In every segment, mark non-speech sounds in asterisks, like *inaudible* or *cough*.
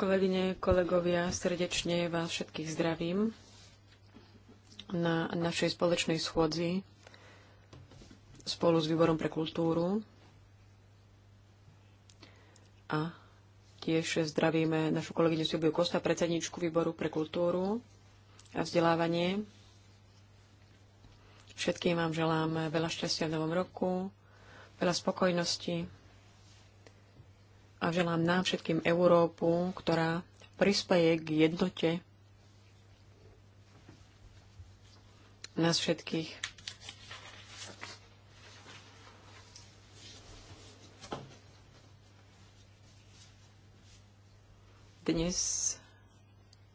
Kolegyne, kolegovia, srdečne vás všetkých zdravím na našej spoločnej schôdzi spolu s Výborom pre kultúru a tiež zdravíme našu kolegyňu Silviu Kosta, predsedničku Výboru pre kultúru a vzdelávanie. Všetkým vám želám veľa šťastia v novom roku, veľa spokojnosti, a želám nám všetkým Európu, ktorá prispieje k jednote nás všetkých. Dnes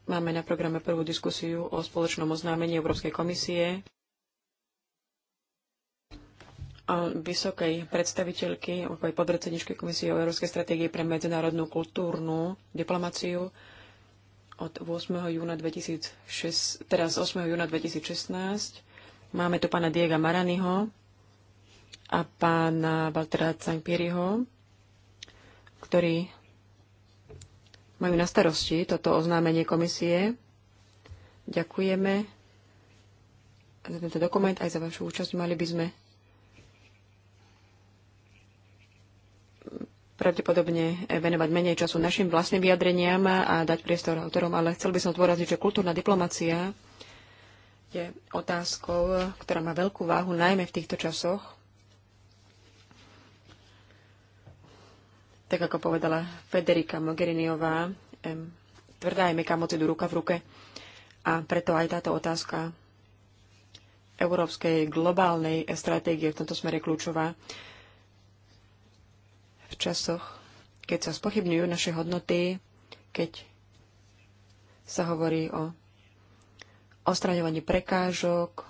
máme na programe prvú diskusiu o spoločnom oznámení Európskej komisie vysokej predstaviteľky, ako aj podredsedničky Komisie o Európskej stratégie pre medzinárodnú kultúrnu diplomáciu od 8. júna 2006, teraz 8. júna 2016. Máme tu pána Diega Maraniho a pána Valtera Canpieriho, ktorí majú na starosti toto oznámenie komisie. Ďakujeme za tento dokument aj za vašu účasť. Mali by sme pravdepodobne venovať menej času našim vlastným vyjadreniam a dať priestor autorom, ale chcel by som zdôrazniť, že kultúrna diplomacia je otázkou, ktorá má veľkú váhu, najmä v týchto časoch. Tak ako povedala Federika Mogheriniová, tvrdá je meká moci do ruka v ruke. A preto aj táto otázka európskej globálnej stratégie v tomto smere kľúčová v časoch, keď sa spochybňujú naše hodnoty, keď sa hovorí o ostraňovaní prekážok,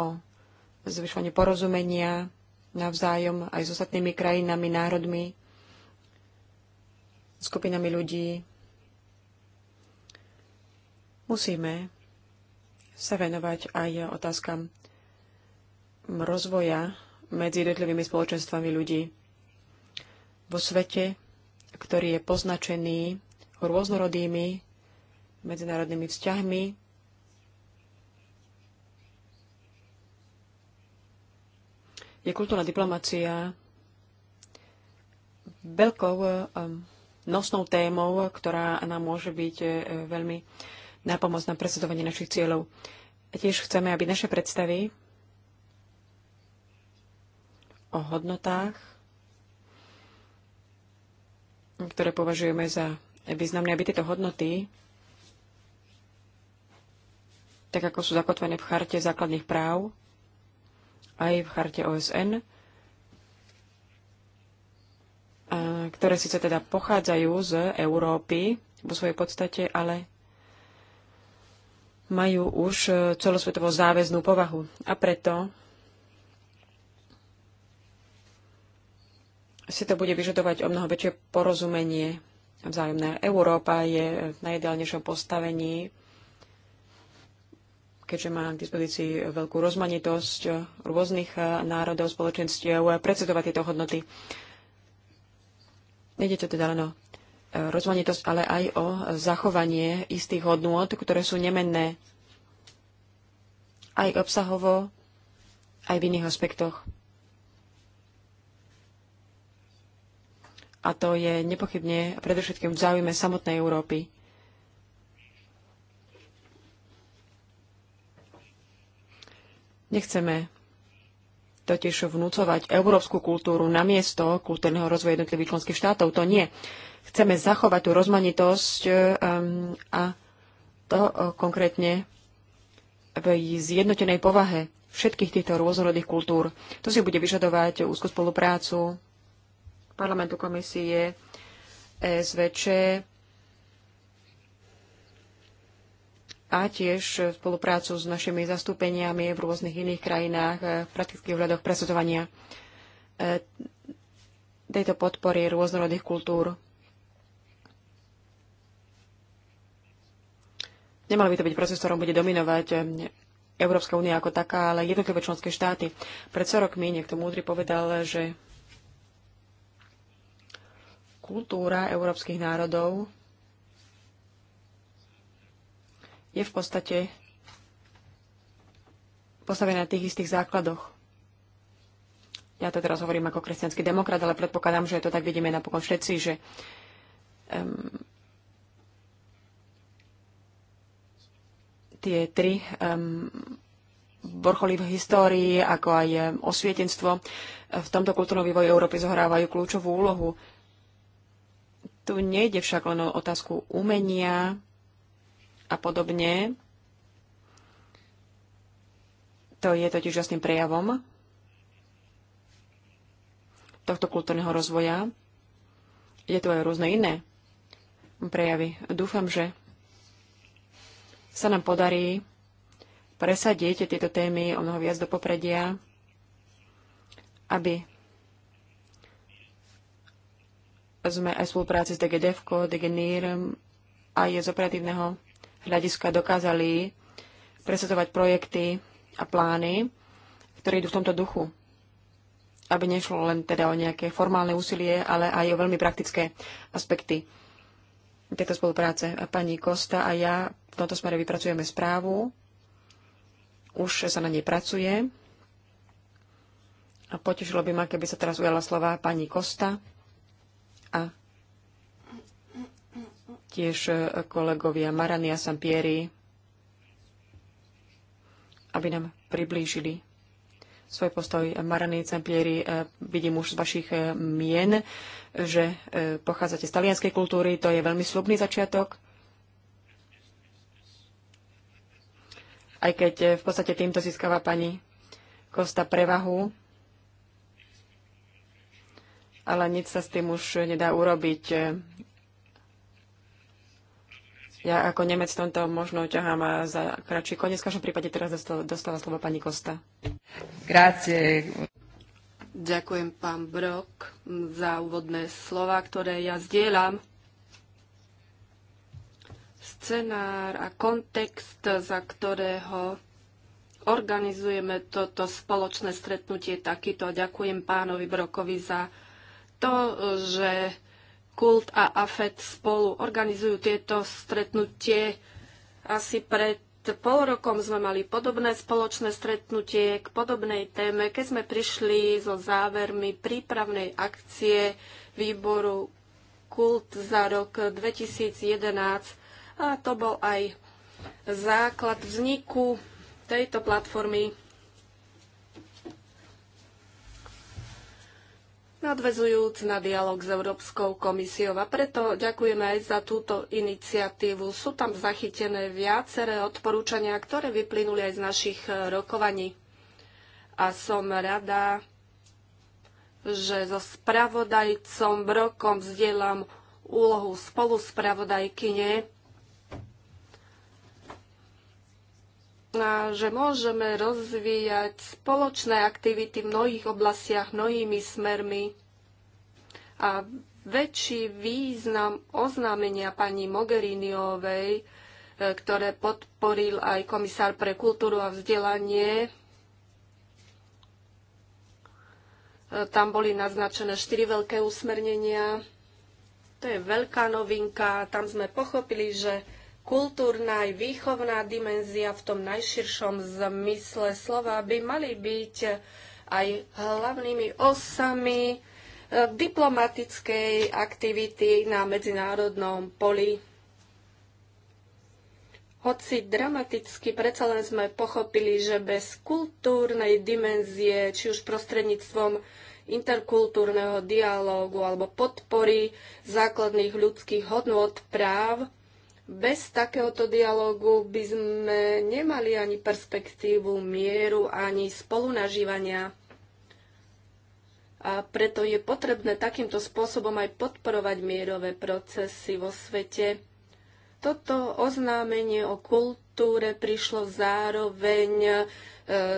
o zvyšovaní porozumenia navzájom aj s ostatnými krajinami, národmi, skupinami ľudí. Musíme sa venovať aj otázkam rozvoja medzi jednotlivými spoločenstvami ľudí vo svete, ktorý je poznačený rôznorodými medzinárodnými vzťahmi, je kultúrna diplomácia veľkou eh, nosnou témou, ktorá nám môže byť eh, veľmi na presadovanie našich cieľov. A tiež chceme, aby naše predstavy o hodnotách ktoré považujeme za významné, aby tieto hodnoty, tak ako sú zakotvené v charte základných práv, aj v charte OSN, ktoré síce teda pochádzajú z Európy vo svojej podstate, ale majú už celosvetovo záväznú povahu. A preto si to bude vyžadovať o mnoho väčšie porozumenie vzájomné. Európa je v najideálnejšom postavení, keďže má k dispozícii veľkú rozmanitosť rôznych národov, spoločenstiev, predsedovať tieto hodnoty. Nede to teda len o e, rozmanitosť, ale aj o zachovanie istých hodnôt, ktoré sú nemenné aj obsahovo, aj v iných aspektoch. A to je nepochybne predovšetkým v záujme samotnej Európy. Nechceme totiž vnúcovať európsku kultúru na miesto kultúrneho rozvoja jednotlivých členských štátov. To nie. Chceme zachovať tú rozmanitosť um, a to uh, konkrétne v zjednotenej povahe všetkých týchto rôznorodých kultúr. To si bude vyžadovať úzku spoluprácu parlamentu komisie SVČ a tiež spoluprácu s našimi zastúpeniami v rôznych iných krajinách eh, v praktických hľadoch presadzovania eh, tejto podpory rôznorodých kultúr. Nemal by to byť proces, ktorom bude dominovať eh, Európska únia ako taká, ale jednotlivé členské štáty. Pred 100 rokmi niekto múdry povedal, že kultúra európskych národov je v podstate postavená na tých istých základoch. Ja to teraz hovorím ako kresťanský demokrat, ale predpokladám, že to tak vidíme napokon všetci, že um, tie tri um, vrcholy v histórii, ako aj osvietenstvo, v tomto kultúrnom vývoji Európy zohrávajú kľúčovú úlohu. Tu nejde však len o otázku umenia a podobne. To je totiž jasným prejavom tohto kultúrneho rozvoja. Je tu aj rôzne iné prejavy. Dúfam, že sa nám podarí presadiť tieto témy o mnoho viac do popredia, aby sme aj v spolupráci s DGDF, DGNIRM a je z operatívneho hľadiska dokázali presadzovať projekty a plány, ktoré idú v tomto duchu. Aby nešlo len teda o nejaké formálne úsilie, ale aj o veľmi praktické aspekty tejto spolupráce. A pani Kosta a ja v tomto smere vypracujeme správu. Už sa na nej pracuje. A potešilo by ma, keby sa teraz ujala slova pani Kosta a tiež e, kolegovia Marania Sampieri, aby nám priblížili svoj postoj. Marani Sampieri, e, vidím už z vašich e, mien, že pochádzate z talianskej kultúry, to je veľmi slubný začiatok. Aj keď v podstate týmto získava pani Kosta prevahu ale nič sa s tým už nedá urobiť. Ja ako Nemec tomto možno ťahám za kratší koniec. V každom prípade teraz dostala slovo pani Kosta. Grazie. Ďakujem pán Brok za úvodné slova, ktoré ja zdieľam. Scenár a kontext, za ktorého organizujeme toto spoločné stretnutie takýto. Ďakujem pánovi Brokovi za to, že Kult a AFET spolu organizujú tieto stretnutie. Asi pred pol rokom sme mali podobné spoločné stretnutie k podobnej téme, keď sme prišli so závermi prípravnej akcie výboru Kult za rok 2011 a to bol aj základ vzniku tejto platformy nadvezujúc na dialog s Európskou komisiou. A preto ďakujeme aj za túto iniciatívu. Sú tam zachytené viaceré odporúčania, ktoré vyplynuli aj z našich e, rokovaní. A som rada, že so spravodajcom Brokom zdieľam úlohu spoluspravodajkyne, a že môžeme rozvíjať spoločné aktivity v mnohých oblastiach, mnohými smermi a väčší význam oznámenia pani Mogheriniovej, e, ktoré podporil aj komisár pre kultúru a vzdelanie. E, tam boli naznačené štyri veľké usmernenia. To je veľká novinka. Tam sme pochopili, že kultúrna aj výchovná dimenzia v tom najširšom zmysle slova by mali byť aj hlavnými osami diplomatickej aktivity na medzinárodnom poli. Hoci dramaticky, predsa len sme pochopili, že bez kultúrnej dimenzie, či už prostredníctvom interkultúrneho dialógu alebo podpory základných ľudských hodnôt práv, bez takéhoto dialógu by sme nemali ani perspektívu mieru, ani spolunažívania. A preto je potrebné takýmto spôsobom aj podporovať mierové procesy vo svete. Toto oznámenie o kultúre prišlo zároveň e,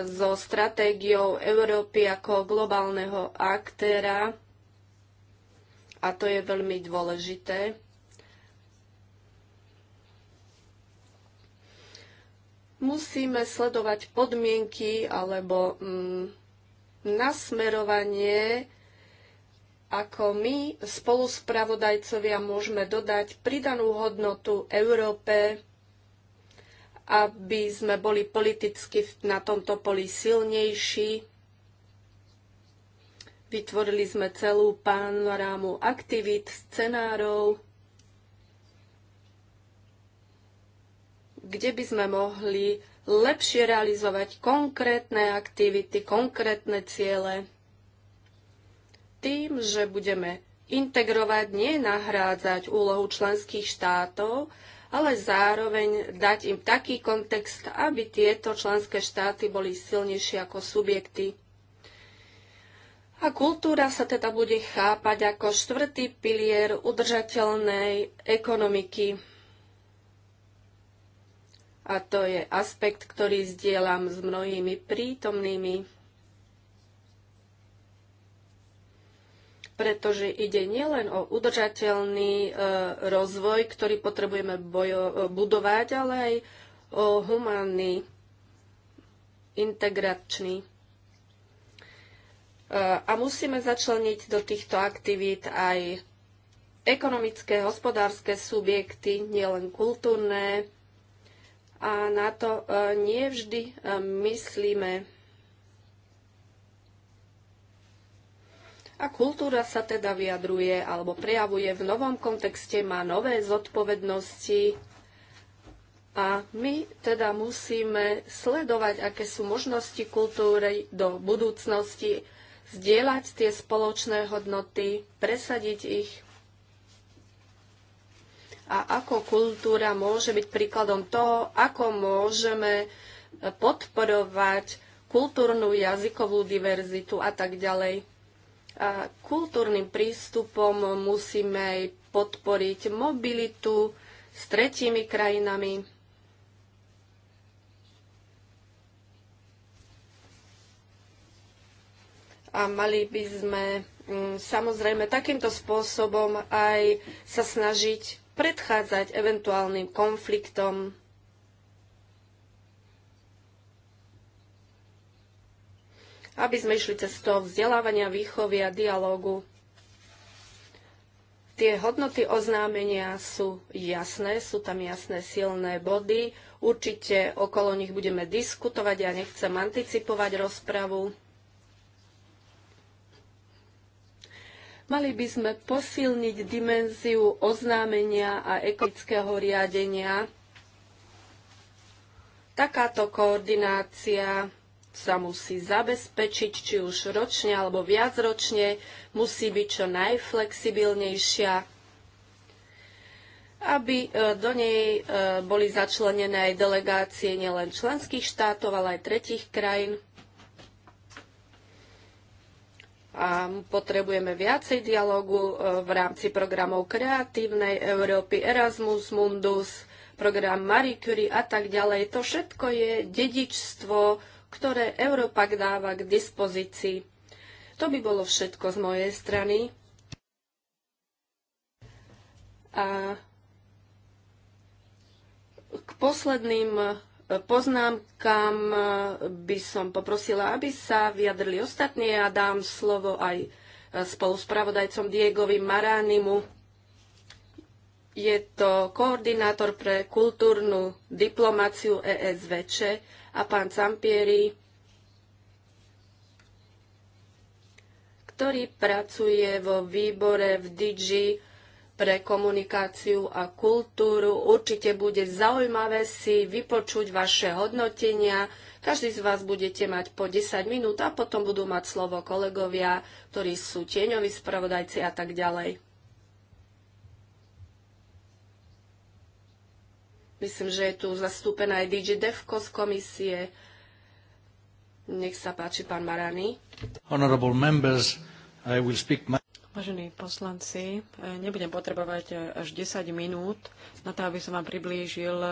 so stratégiou Európy ako globálneho aktéra a to je veľmi dôležité. Musíme sledovať podmienky alebo mm, nasmerovanie, ako my spolu spravodajcovia môžeme dodať pridanú hodnotu Európe, aby sme boli politicky na tomto poli silnejší. Vytvorili sme celú panorámu aktivít, scenárov, kde by sme mohli lepšie realizovať konkrétne aktivity, konkrétne ciele. Tým, že budeme integrovať, nie nahrádzať úlohu členských štátov, ale zároveň dať im taký kontext, aby tieto členské štáty boli silnejšie ako subjekty. A kultúra sa teda bude chápať ako štvrtý pilier udržateľnej ekonomiky a to je aspekt, ktorý zdieľam s mnohými prítomnými, pretože ide nielen o udržateľný e, rozvoj, ktorý potrebujeme bojo, e, budovať, ale aj o humánny, integračný. E, a musíme začleniť do týchto aktivít aj ekonomické, hospodárske subjekty, nielen kultúrne, a na to e, nie vždy e, myslíme. A kultúra sa teda vyjadruje alebo prejavuje v novom kontexte, má nové zodpovednosti a my teda musíme sledovať, aké sú možnosti kultúry do budúcnosti, zdieľať tie spoločné hodnoty, presadiť ich a ako kultúra môže byť príkladom toho, ako môžeme podporovať kultúrnu jazykovú diverzitu a tak ďalej. A kultúrnym prístupom musíme podporiť mobilitu s tretími krajinami. A mali by sme mm, samozrejme takýmto spôsobom aj sa snažiť predchádzať eventuálnym konfliktom. aby sme išli cestou vzdelávania, výchovy a dialógu. Tie hodnoty oznámenia sú jasné, sú tam jasné silné body. Určite okolo nich budeme diskutovať, ja nechcem anticipovať rozpravu. Mali by sme posilniť dimenziu oznámenia a ekologického riadenia. Takáto koordinácia sa musí zabezpečiť, či už ročne alebo viacročne, musí byť čo najflexibilnejšia, aby e, do nej e, boli začlenené aj delegácie nielen členských štátov, ale aj tretich krajín a potrebujeme viacej dialogu e, v rámci programov Kreatívnej Európy, Erasmus Mundus, program Marie Curie a tak ďalej. To všetko je dedičstvo, ktoré Európa dáva k dispozícii. To by bolo všetko z mojej strany. A k posledným poznámkam eh, by som poprosila, aby sa vyjadrili ostatní a ja dám slovo aj eh, spoluspravodajcom Diegovi Maránimu. Je to koordinátor pre kultúrnu diplomáciu ESVČ a pán Campieri, ktorý pracuje vo výbore v DG pre komunikáciu a kultúru. Určite bude zaujímavé si vypočuť vaše hodnotenia. Každý z vás budete mať po 10 minút a potom budú mať slovo kolegovia, ktorí sú tieňoví spravodajci a tak ďalej. Myslím, že je tu zastúpená aj DJ Devko z komisie. Nech sa páči, pán Marani. Honorable members, I will speak my... Vážení poslanci, e, nebudem potrebovať e, až 10 minút na to, aby som vám priblížil e,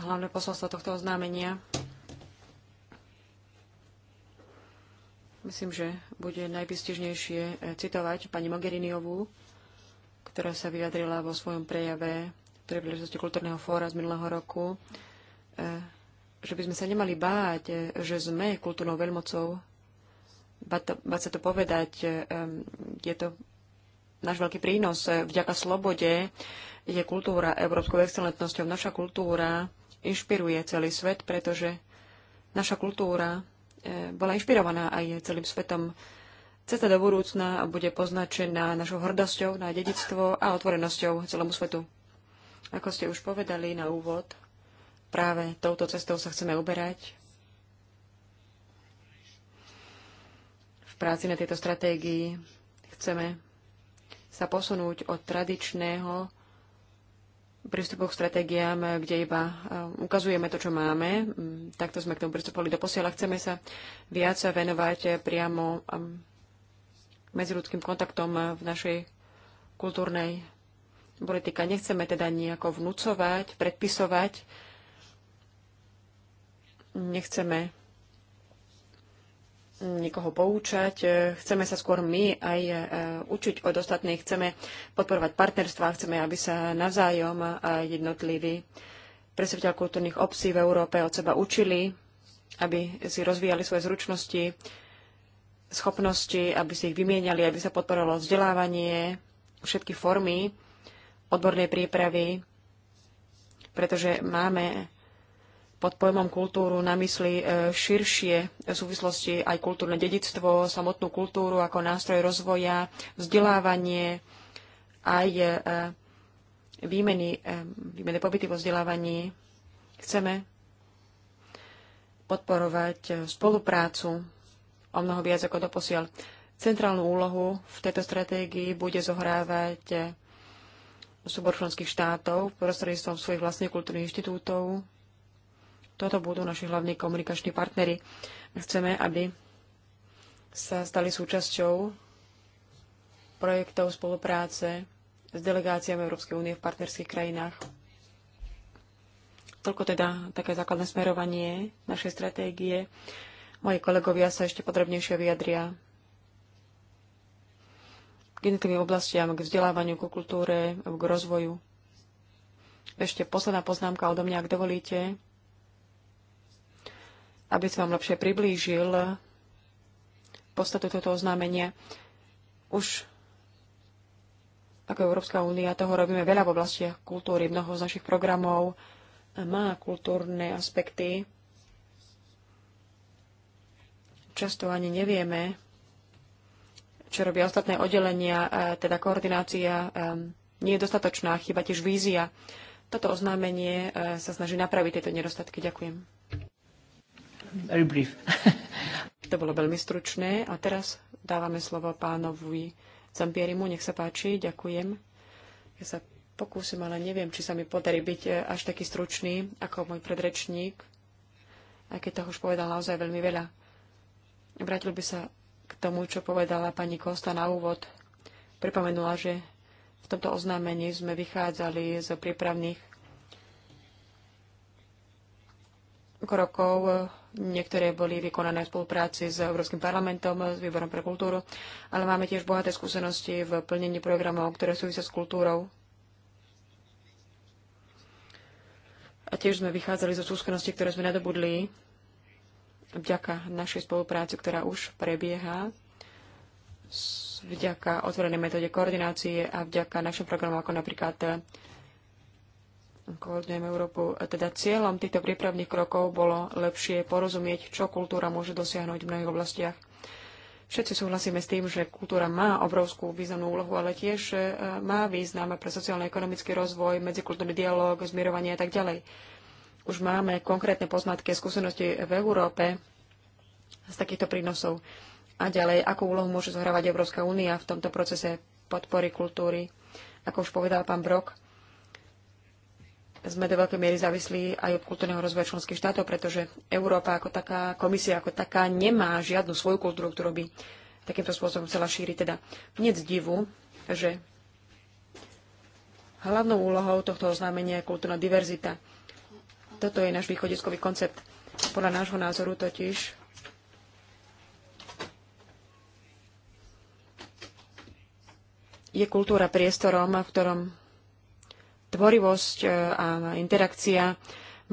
hlavné posolstvo tohto oznámenia. Myslím, že bude najvystižnejšie citovať pani Mogheriniovú, ktorá sa vyjadrila vo svojom prejave v príležitosti kultúrneho fóra z minulého roku, že by sme sa nemali báť, že sme kultúrnou veľmocou Bá sa to povedať, e, je to náš veľký prínos. E, vďaka slobode je kultúra európskou excelentnosťou. Naša kultúra inšpiruje celý svet, pretože naša kultúra e, bola inšpirovaná aj celým svetom. Cesta do budúcna bude poznačená našou hrdosťou na dedictvo a otvorenosťou celému svetu. Ako ste už povedali na úvod, práve touto cestou sa chceme uberať práci na tejto stratégii. Chceme sa posunúť od tradičného prístupu k stratégiám, kde iba e, ukazujeme to, čo máme. Mm, takto sme k tomu pristupovali do posiela. Chceme sa viac venovať priamo mm, medziludským kontaktom v našej kultúrnej politike. Nechceme teda nejako vnúcovať, predpisovať. Nechceme niekoho poučať. E, chceme sa skôr my aj e, učiť od ostatných. Chceme podporovať partnerstva, chceme, aby sa navzájom e, jednotliví predstaviteľ kultúrnych obcí v Európe od seba učili, aby si rozvíjali svoje zručnosti, schopnosti, aby si ich vymieniali, aby sa podporovalo vzdelávanie, všetky formy odbornej prípravy, pretože máme pod pojmom kultúru na mysli e, širšie v súvislosti aj kultúrne dedictvo, samotnú kultúru ako nástroj rozvoja, vzdelávanie, aj e, výmeny, e, výmeny pobyty vo vzdelávaní. Chceme podporovať spoluprácu o mnoho viac ako doposiaľ. Centrálnu úlohu v tejto stratégii bude zohrávať súbor členských štátov prostredníctvom svojich vlastných kultúrnych inštitútov, toto budú naši hlavní komunikační partnery. Chceme, aby sa stali súčasťou projektov spolupráce s delegáciami Európskej únie v partnerských krajinách. Toľko teda také základné smerovanie našej stratégie. Moji kolegovia sa ešte podrobnejšie vyjadria k jednotlivým oblastiam, k vzdelávaniu, k kultúre, k rozvoju. Ešte posledná poznámka odo mňa, ak dovolíte aby som vám lepšie priblížil podstatu tohto oznámenia. Už ako Európska únia toho robíme veľa v oblastiach kultúry. Mnoho z našich programov má kultúrne aspekty. Často ani nevieme, čo robia ostatné oddelenia, teda koordinácia nie je dostatočná, chyba tiež vízia. Toto oznámenie sa snaží napraviť tieto nedostatky. Ďakujem very brief. *laughs* to bolo veľmi stručné a teraz dávame slovo pánovi Zampierimu. Nech sa páči, ďakujem. Ja sa pokúsim, ale neviem, či sa mi podarí byť e, až taký stručný ako môj predrečník, aj keď toho už povedal naozaj veľmi veľa. Vrátil by sa k tomu, čo povedala pani Kosta na úvod. Pripomenula, že v tomto oznámení sme vychádzali z prípravných krokov. Niektoré boli vykonané v spolupráci s Európskym parlamentom, s Výborom pre kultúru, ale máme tiež bohaté skúsenosti v plnení programov, ktoré súvisia s kultúrou. A tiež sme vychádzali zo skúseností, ktoré sme nadobudli vďaka našej spolupráci, ktorá už prebieha, vďaka otvorenej metóde koordinácie a vďaka našim programom ako napríklad Koordinujeme Európu. Teda cieľom týchto prípravných krokov bolo lepšie porozumieť, čo kultúra môže dosiahnuť v mnohých oblastiach. Všetci súhlasíme s tým, že kultúra má obrovskú významnú úlohu, ale tiež e, má význam pre sociálno-ekonomický rozvoj, medzikultúrny dialog, zmierovanie a tak ďalej. Už máme konkrétne poznatky a skúsenosti v Európe z takýchto prínosov. A ďalej, akú úlohu môže zohrávať Európska únia v tomto procese podpory kultúry. Ako už povedal pán Brok, sme do veľkej miery závislí aj od kultúrneho rozvoja členských štátov, pretože Európa ako taká, komisia ako taká nemá žiadnu svoju kultúru, ktorú by takýmto spôsobom chcela šíriť. Teda nec divu, že hlavnou úlohou tohto oznámenia je kultúrna diverzita. Toto je náš východiskový koncept. Podľa nášho názoru totiž je kultúra priestorom, v ktorom tvorivosť e, a interakcia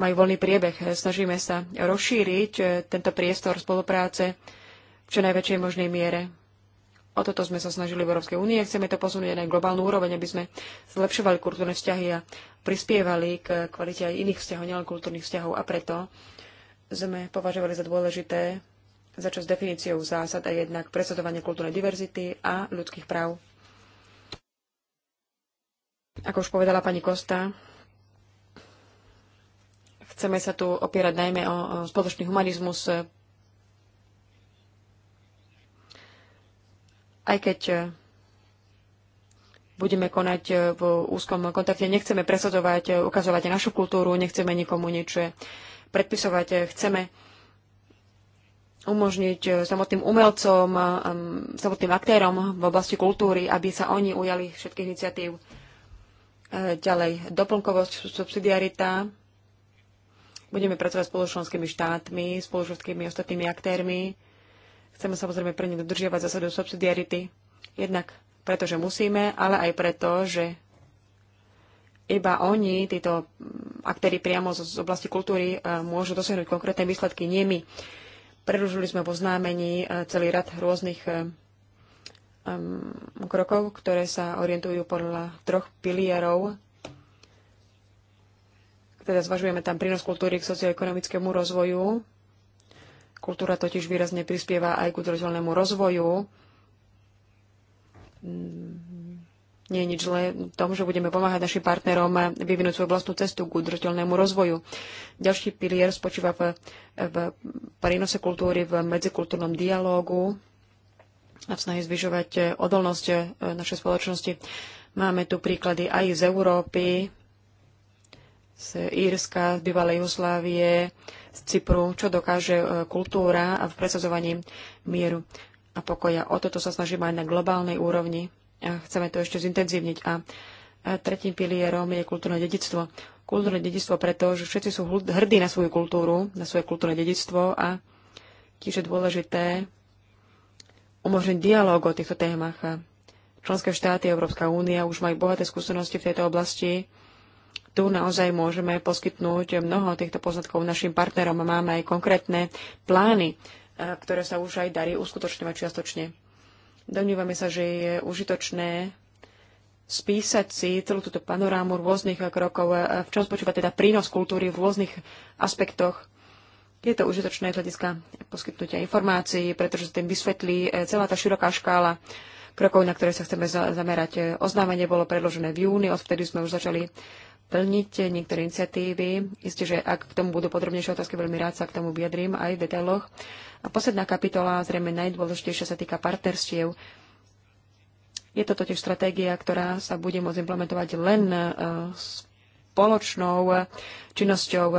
majú voľný priebeh. Snažíme sa rozšíriť e, tento priestor spolupráce v čo najväčšej možnej miere. O toto sme sa snažili v Európskej únie. Chceme to posunúť na globálnu úroveň, aby sme zlepšovali kultúrne vzťahy a prispievali k kvalite aj iných vzťahov, nielen kultúrnych vzťahov. A preto sme považovali za dôležité začať s definíciou zásad a jednak presadovanie kultúrnej diverzity a ľudských práv. Ako už povedala pani Kosta, chceme sa tu opierať najmä o spoločný humanizmus, aj keď e, budeme konať e, v úzkom kontakte. Nechceme presadzovať, e, ukazovať našu kultúru, nechceme nikomu nič predpisovať. Chceme umožniť samotným umelcom, samotným aktérom v oblasti kultúry, aby sa oni ujali všetkých iniciatív. Ďalej, doplnkovosť, subsidiarita. Budeme pracovať spolu s členskými štátmi, spolu s všetkými ostatnými aktérmi. Chceme samozrejme pre ne dodržiavať zásadu subsidiarity. Jednak preto, že musíme, ale aj preto, že iba oni, títo aktéry priamo z, z oblasti kultúry, e, môžu dosiahnuť konkrétne výsledky, nie my. Predlžili sme v oznámení e, celý rad rôznych e, krokov, ktoré sa orientujú podľa troch pilierov. Teda zvažujeme tam prínos kultúry k socioekonomickému rozvoju. Kultúra totiž výrazne prispieva aj k udržateľnému rozvoju. Nie je nič zlé v tom, že budeme pomáhať našim partnerom vyvinúť svoju vlastnú cestu k udržateľnému rozvoju. Ďalší pilier spočíva v, v prínose kultúry v medzikultúrnom dialógu a v snahe zvyšovať e, odolnosť e, našej spoločnosti. Máme tu príklady aj z Európy, z Írska, z bývalej Jugoslávie, z Cypru, čo dokáže e, kultúra a v presadzovaní mieru a pokoja. O toto sa snažíme aj na globálnej úrovni a chceme to ešte zintenzívniť. A tretím pilierom je kultúrne dedictvo. Kultúrne dedictvo preto, že všetci sú hrdí na svoju kultúru, na svoje kultúrne dedictvo a tiež je dôležité umožniť dialog o týchto témach. Členské štáty Európska únia už majú bohaté skúsenosti v tejto oblasti. Tu naozaj môžeme poskytnúť mnoho týchto poznatkov našim partnerom a máme aj konkrétne plány, e, ktoré sa už aj darí uskutočňovať čiastočne. Domnívame sa, že je užitočné spísať si celú túto panorámu rôznych krokov, e, v čom spočíva teda prínos kultúry v rôznych aspektoch je to užitočné z hľadiska poskytnutia informácií, pretože sa tým vysvetlí e, celá tá široká škála krokov, na ktoré sa chceme zamerať. E, oznámenie bolo predložené v júni, odvtedy sme už začali plniť niektoré iniciatívy. Isté, že ak k tomu budú podrobnejšie otázky, veľmi rád sa k tomu vyjadrím aj v detailoch. A posledná kapitola, zrejme najdôležitejšia, sa týka partnerstiev. Je to totiž stratégia, ktorá sa bude môcť implementovať len e, s spoločnou e, činnosťou. E,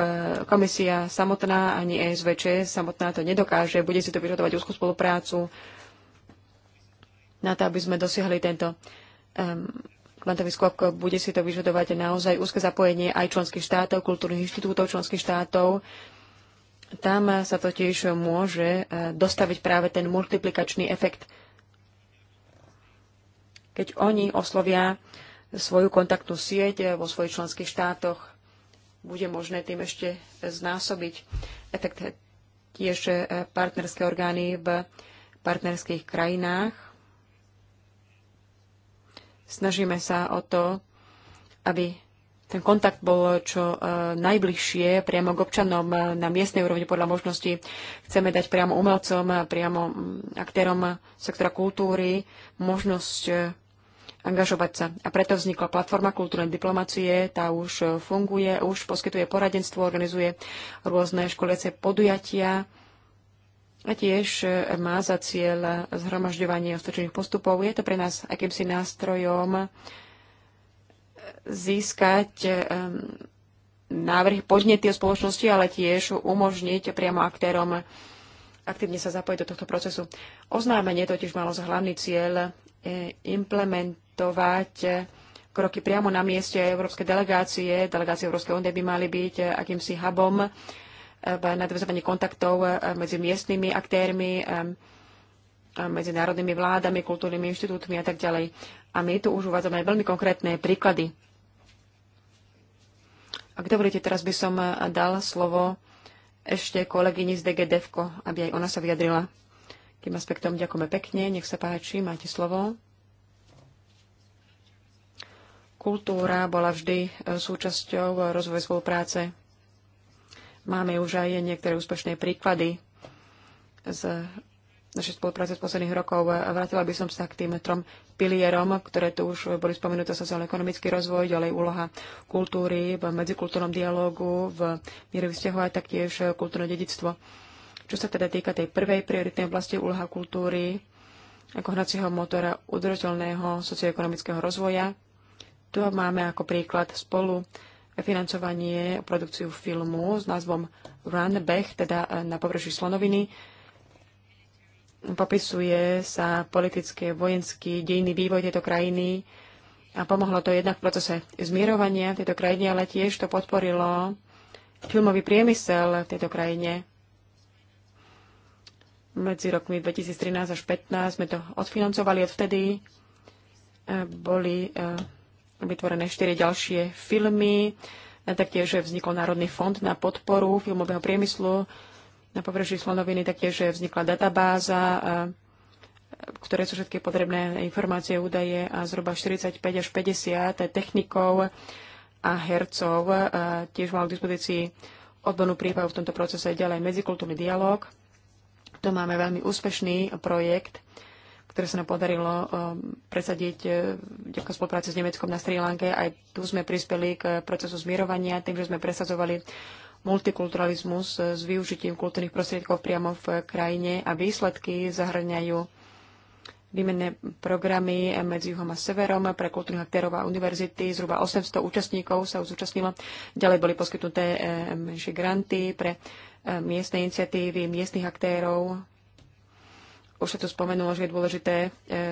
komisia samotná ani ESVČ samotná to nedokáže. Bude si to vyžadovať úzkú spoluprácu na to, aby sme dosiahli tento um, kvantový skok. Bude si to vyžadovať naozaj úzke zapojenie aj členských štátov, kultúrnych inštitútov členských štátov. Tam sa totiž môže e, dostaviť práve ten multiplikačný efekt. Keď oni oslovia uh, svoju kontaktnú sieť eh, vo svojich členských štátoch. Bude možné tým ešte znásobiť efekt tiež eh, partnerské orgány v partnerských krajinách. Snažíme sa o to, aby ten kontakt bol čo eh, najbližšie priamo k občanom na miestnej úrovni podľa možností. Chceme dať priamo umelcom, priamo mm, aktérom sektora kultúry možnosť angažovať sa. A preto vznikla platforma kultúrnej diplomacie, tá už e, funguje, už poskytuje poradenstvo, organizuje rôzne školiace podujatia a tiež e, má za cieľ zhromažďovanie ostočených postupov. Je to pre nás akýmsi nástrojom e, získať návrhy, podnety o spoločnosti, ale tiež umožniť priamo aktérom aktívne sa zapojiť do tohto procesu. Oznámenie totiž malo za hlavný cieľ implementovať kroky priamo na mieste európske delegácie. Delegácie Európskej únie by mali byť akýmsi hubom v nadvezovaní kontaktov eh, medzi miestnymi aktérmi, eh, medzinárodnými vládami, kultúrnymi inštitútmi a tak ďalej. A my tu už uvádzame veľmi konkrétne príklady. Ak dovolíte, teraz by som dal slovo ešte kolegyni z DGDFko, aby aj ona sa vyjadrila tým aspektom ďakujeme pekne. Nech sa páči, máte slovo. Kultúra bola vždy e, súčasťou rozvoje spolupráce. Máme už aj niektoré úspešné príklady z našej spolupráce z posledných rokov. Vrátila by som sa k tým trom pilierom, ktoré tu už boli spomenuté, sociálno-ekonomický rozvoj, ďalej úloha kultúry v medzikultúrnom dialogu, v mierových vzťahoch a taktiež kultúrne dedictvo. Čo sa teda týka tej prvej prioritnej oblasti úloha kultúry ako hnacieho motora udržateľného socioekonomického rozvoja, tu máme ako príklad spolu financovanie produkciu filmu s názvom Run Beh, teda e, na površi Slonoviny. Popisuje sa politické, vojenský, dejný vývoj tejto krajiny a pomohlo to jednak v procese zmierovania tejto krajiny, ale tiež to podporilo filmový priemysel v tejto krajine. Medzi rokmi 2013 až 2015 sme to odfinancovali. Odvtedy eh, boli eh, vytvorené štyri ďalšie filmy. Eh, taktiež vznikol Národný fond na podporu filmového priemyslu. Na pobreží Slonoviny taktiež vznikla databáza ktoré sú všetky potrebné informácie, údaje a zhruba 45 až 50 technikov a hercov tiež mal k dispozícii odbornú prípravu v tomto procese ďalej medzikultúrny dialog. Takto máme veľmi úspešný projekt, ktoré sa nám podarilo um, presadiť uh, vďaka spolupráci s Nemeckom na Sri Lanke. Aj tu sme prispeli k procesu zmierovania tým, že sme presadzovali multikulturalizmus uh, s využitím kultúrnych prostriedkov priamo v krajine a výsledky zahrňajú výmenné programy medzi juhom a severom pre kultúrnych aktérov a univerzity. Zhruba 800 účastníkov sa zúčastnilo. Ďalej boli poskytnuté eh, menšie granty pre E, miestnej iniciatívy, miestnych aktérov. Už sa tu spomenulo, že je dôležité e,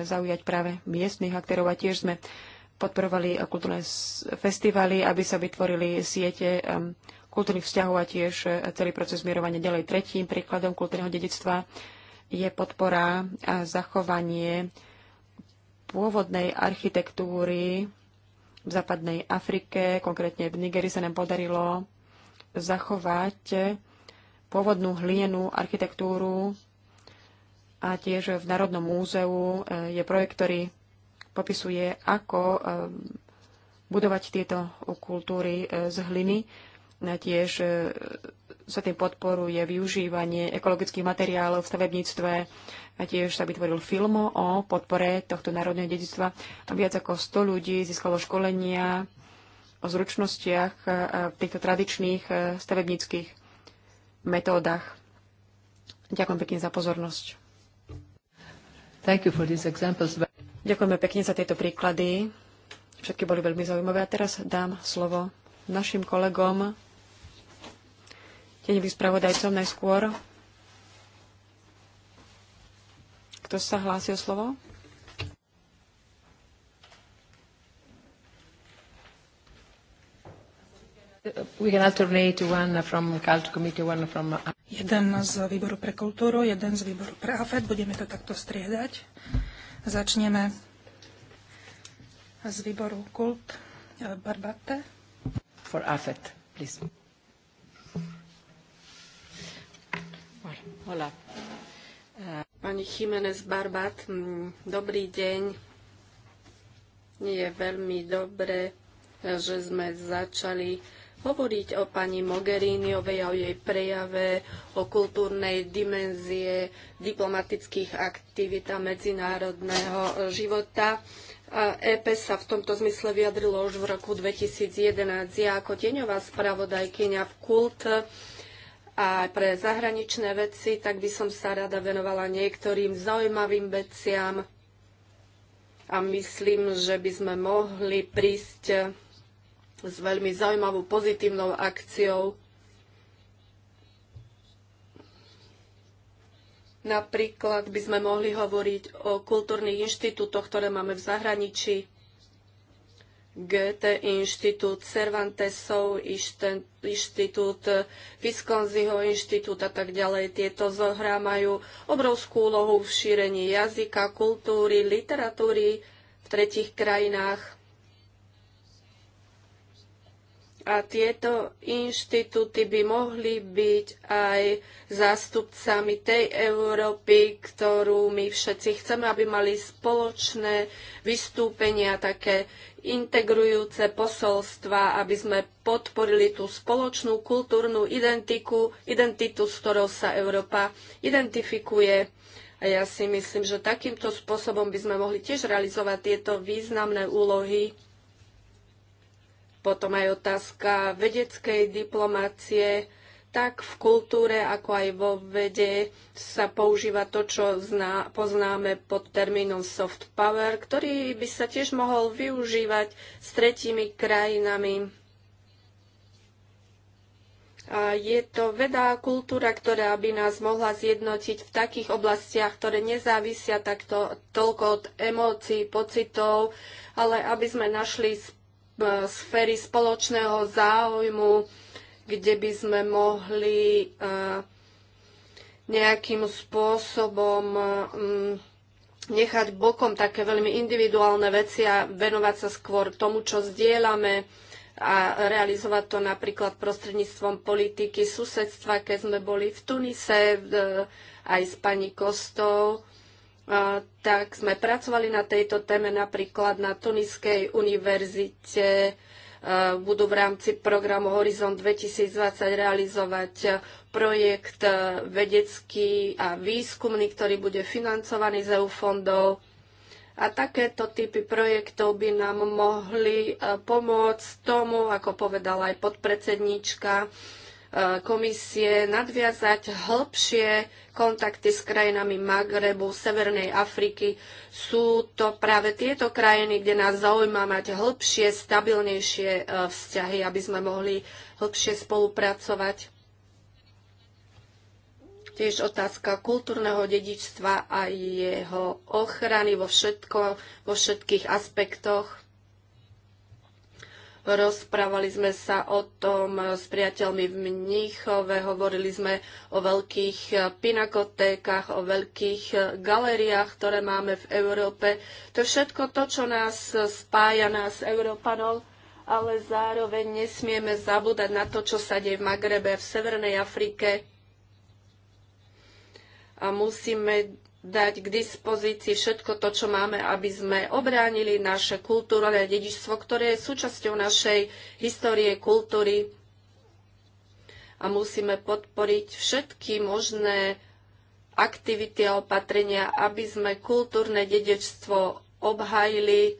zaujať práve miestnych aktérov a tiež sme podporovali kultúrne festivaly, aby sa vytvorili siete e, kultúrnych vzťahov a tiež celý proces zmierovania ďalej. Tretím príkladom kultúrneho dedictva je podpora a zachovanie pôvodnej architektúry v západnej Afrike, konkrétne v Nigeri sa nám podarilo zachovať pôvodnú hlienu architektúru a tiež v Národnom múzeu e, je projekt, ktorý popisuje, ako e, budovať tieto kultúry e, z hliny. Tiež sa tým podporuje využívanie ekologických materiálov v stavebníctve. A tiež sa vytvoril film o podpore tohto národného dedictva. Viac ako 100 ľudí získalo školenia o zručnostiach týchto tradičných stavebníckých metódach. Ďakujem pekne za pozornosť. Thank you for these examples. Ďakujeme pekne za tieto príklady. Všetky boli veľmi zaujímavé. A teraz dám slovo našim kolegom, tenivým spravodajcom najskôr. Kto sa hlási o slovo? Jeden z výboru pre kultúru, jeden z výboru pre AFED. Budeme to takto striedať. Začneme z výboru Kult eh, Barbate. For AFED, please. Hola. Eh, pani Jiménez Barbat, mm, dobrý deň. Nie je veľmi dobré, eh, že sme začali hovoriť o pani Mogheriniovej a o jej prejave, o kultúrnej dimenzie diplomatických aktivít a medzinárodného života. EP sa v tomto zmysle vyjadrilo už v roku 2011. Ja ako tieňová spravodajkyňa v kult a pre zahraničné veci, tak by som sa rada venovala niektorým zaujímavým veciam a myslím, že by sme mohli prísť s veľmi zaujímavou pozitívnou akciou. Napríklad by sme mohli hovoriť o kultúrnych inštitútoch, ktoré máme v zahraničí. Goethe inštitút, Cervantesov inštitút, Visconziho inštitút a tak ďalej. Tieto zohrá majú obrovskú úlohu v šírení jazyka, kultúry, literatúry v tretich krajinách a tieto inštitúty by mohli byť aj zástupcami tej Európy, ktorú my všetci chceme, aby mali spoločné vystúpenia, také integrujúce posolstva, aby sme podporili tú spoločnú kultúrnu identiku, identitu, s ktorou sa Európa identifikuje. A ja si myslím, že takýmto spôsobom by sme mohli tiež realizovať tieto významné úlohy potom aj otázka vedeckej diplomácie, tak v kultúre, ako aj vo vede sa používa to, čo zná, poznáme pod termínom soft power, ktorý by sa tiež mohol využívať s tretími krajinami. A je to veda a kultúra, ktorá by nás mohla zjednotiť v takých oblastiach, ktoré nezávisia takto toľko od emócií, pocitov, ale aby sme našli spoločnosť. E, sféry spoločného záujmu, kde by sme mohli e, nejakým spôsobom e, nechať bokom také veľmi individuálne veci a venovať sa skôr tomu, čo zdieľame a realizovať to napríklad prostredníctvom politiky susedstva, keď sme boli v Tunise aj s pani Kostou tak sme pracovali na tejto téme napríklad na Tuniskej univerzite. E, budú v rámci programu Horizont 2020 realizovať projekt e, vedecký a výskumný, ktorý bude financovaný z EU fondov. A takéto typy projektov by nám mohli e, pomôcť tomu, ako povedala aj podpredsedníčka, komisie nadviazať hĺbšie kontakty s krajinami Magrebu, Severnej Afriky. Sú to práve tieto krajiny, kde nás zaujíma mať hĺbšie, stabilnejšie e, vzťahy, aby sme mohli hĺbšie spolupracovať. Tiež otázka kultúrneho dedičstva a jeho ochrany vo, všetko, vo všetkých aspektoch. Rozprávali sme sa o tom s priateľmi v Mníchove, hovorili sme o veľkých pinakotékach, o veľkých galériách, ktoré máme v Európe. To je všetko to, čo nás spája, nás Európanov, ale zároveň nesmieme zabúdať na to, čo sa deje v Magrebe, v Severnej Afrike. A musíme dať k dispozícii všetko to, čo máme, aby sme obránili naše kultúrne dedičstvo, ktoré je súčasťou našej histórie, kultúry. A musíme podporiť všetky možné aktivity a opatrenia, aby sme kultúrne dedičstvo obhajili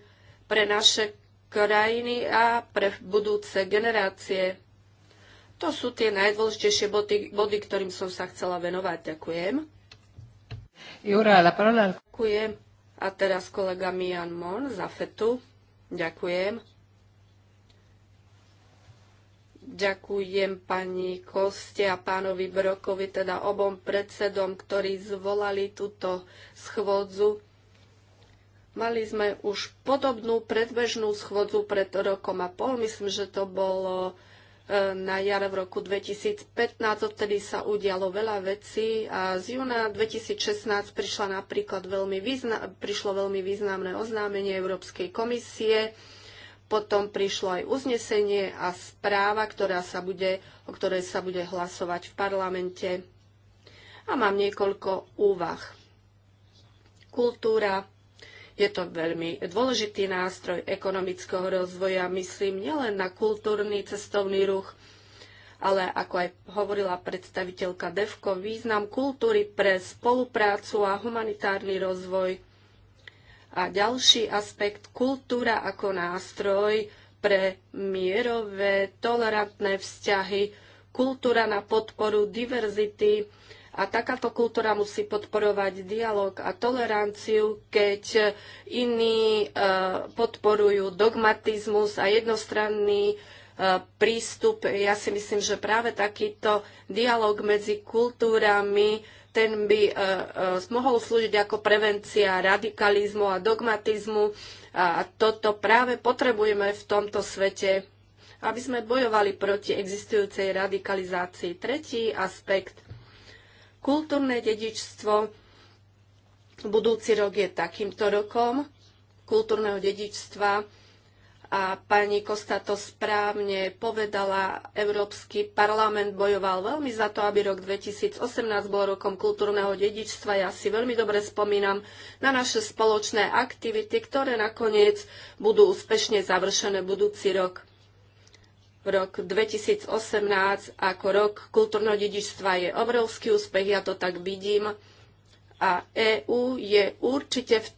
pre naše krajiny a pre budúce generácie. To sú tie najdôležitejšie body, body ktorým som sa chcela venovať. Ďakujem. Jura, la parola. Ďakujem. A teraz kolega Mian Mon za FETu. Ďakujem. Ďakujem pani Koste a pánovi Brokovi, teda obom predsedom, ktorí zvolali túto schôdzu. Mali sme už podobnú predbežnú schôdzu pred rokom a pol. Myslím, že to bolo E, na jar v roku 2015. Odtedy sa udialo veľa vecí a z júna 2016 prišla napríklad veľmi význa- prišlo veľmi významné oznámenie Európskej komisie, potom prišlo aj uznesenie a správa, ktorá sa bude, o ktorej sa bude hlasovať v parlamente. A mám niekoľko úvah. Kultúra, je to veľmi dôležitý nástroj ekonomického rozvoja, myslím nielen na kultúrny cestovný ruch, ale ako aj hovorila predstaviteľka DEVKO, význam kultúry pre spoluprácu a humanitárny rozvoj. A ďalší aspekt kultúra ako nástroj pre mierové, tolerantné vzťahy, kultúra na podporu diverzity, a takáto kultúra musí podporovať dialog a toleranciu, keď iní e, podporujú dogmatizmus a jednostranný e, prístup. Ja si myslím, že práve takýto dialog medzi kultúrami ten by e, mohol slúžiť ako prevencia radikalizmu a dogmatizmu. A toto práve potrebujeme v tomto svete, aby sme bojovali proti existujúcej radikalizácii. Tretí aspekt Kultúrne dedičstvo. Budúci rok je takýmto rokom kultúrneho dedičstva a pani Kosta to správne povedala, Európsky parlament bojoval veľmi za to, aby rok 2018 bol rokom kultúrneho dedičstva. Ja si veľmi dobre spomínam na naše spoločné aktivity, ktoré nakoniec budú úspešne završené budúci rok. Rok 2018 ako rok kultúrneho dedičstva je obrovský úspech, ja to tak vidím. A EÚ je určite v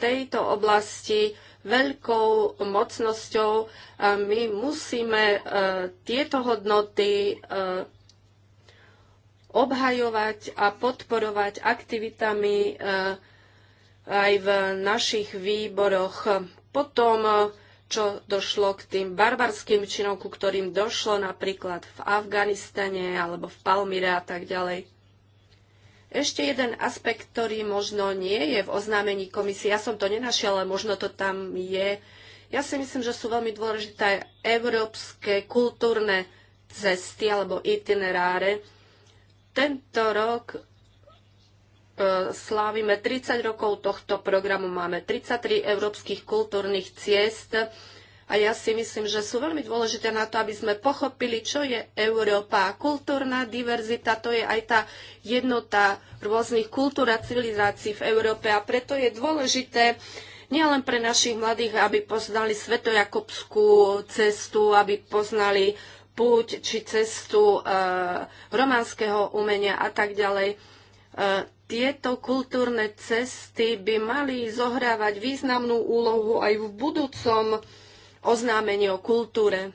tejto oblasti veľkou mocnosťou. A my musíme e, tieto hodnoty e, obhajovať a podporovať aktivitami e, aj v našich výboroch. Potom čo došlo k tým barbarským činom, ku ktorým došlo napríklad v Afganistane alebo v Palmyre a tak ďalej. Ešte jeden aspekt, ktorý možno nie je v oznámení komisie, ja som to nenašiel, ale možno to tam je. Ja si myslím, že sú veľmi dôležité európske kultúrne cesty alebo itineráre. Tento rok E, slávime 30 rokov tohto programu, máme 33 európskych kultúrnych ciest a ja si myslím, že sú veľmi dôležité na to, aby sme pochopili, čo je Európa. Kultúrna diverzita to je aj tá jednota rôznych kultúr a civilizácií v Európe a preto je dôležité nielen pre našich mladých, aby poznali svetojakobskú cestu, aby poznali púť či cestu e, románskeho umenia a tak ďalej e, tieto kultúrne cesty by mali zohrávať významnú úlohu aj v budúcom oznámení o kultúre.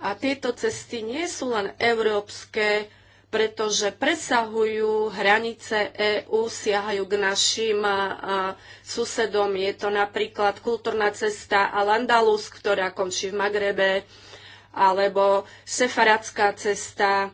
A tieto cesty nie sú len európske, pretože presahujú hranice EÚ, siahajú k našim a, susedom. Je to napríklad kultúrna cesta Al-Andalus, ktorá končí v Magrebe, alebo sefaradská cesta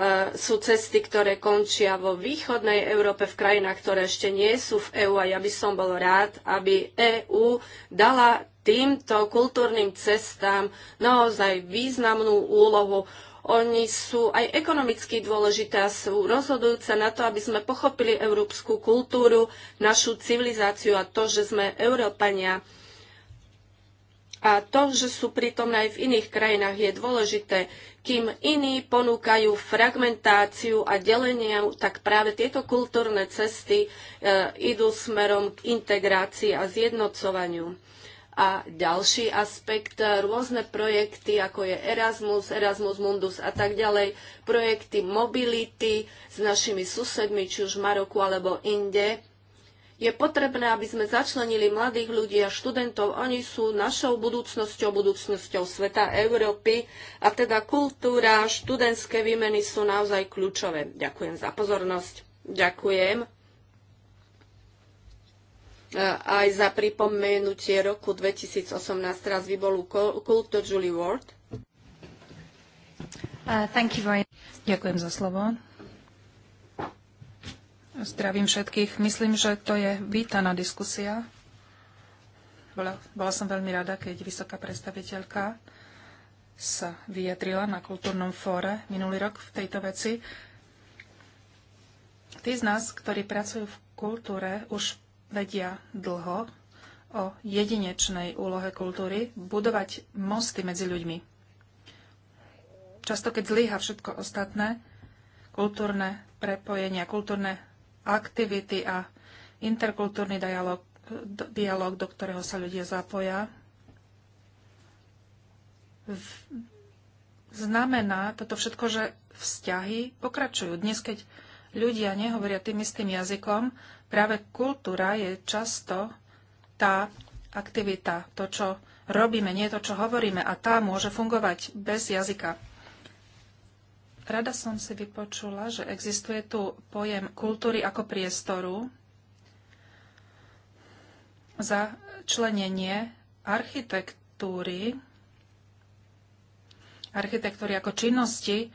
E, sú cesty, ktoré končia vo východnej Európe, v krajinách, ktoré ešte nie sú v EÚ a ja by som bol rád, aby EÚ dala týmto kultúrnym cestám naozaj významnú úlohu. Oni sú aj ekonomicky dôležité a sú rozhodujúce na to, aby sme pochopili európsku kultúru, našu civilizáciu a to, že sme Európania. A to, že sú prítomné aj v iných krajinách, je dôležité. Kým iní ponúkajú fragmentáciu a delenie, tak práve tieto kultúrne cesty e, idú smerom k integrácii a zjednocovaniu. A ďalší aspekt, e, rôzne projekty, ako je Erasmus, Erasmus Mundus a tak ďalej, projekty mobility s našimi susedmi, či už v Maroku alebo inde, je potrebné, aby sme začlenili mladých ľudí a študentov. Oni sú našou budúcnosťou, budúcnosťou sveta Európy a teda kultúra, študentské výmeny sú naozaj kľúčové. Ďakujem za pozornosť. Ďakujem e, aj za pripomenutie roku 2018 teraz výbolu Kulto Julie Ward. Uh, very... Ďakujem za slovo. Zdravím všetkých. Myslím, že to je vítaná diskusia. Bola, bola som veľmi rada, keď vysoká predstaviteľka sa vyjadrila na kultúrnom fóre minulý rok v tejto veci. Tí z nás, ktorí pracujú v kultúre, už vedia dlho o jedinečnej úlohe kultúry budovať mosty medzi ľuďmi. Často, keď zlyha všetko ostatné, kultúrne prepojenia, kultúrne aktivity a interkultúrny dialog, dialog do ktorého sa ľudia zapoja, v, znamená toto všetko, že vzťahy pokračujú. Dnes, keď ľudia nehovoria tým istým jazykom, práve kultúra je často tá aktivita, to, čo robíme, nie to, čo hovoríme a tá môže fungovať bez jazyka. Rada som si vypočula, že existuje tu pojem kultúry ako priestoru, za členenie architektúry, architektúry ako činnosti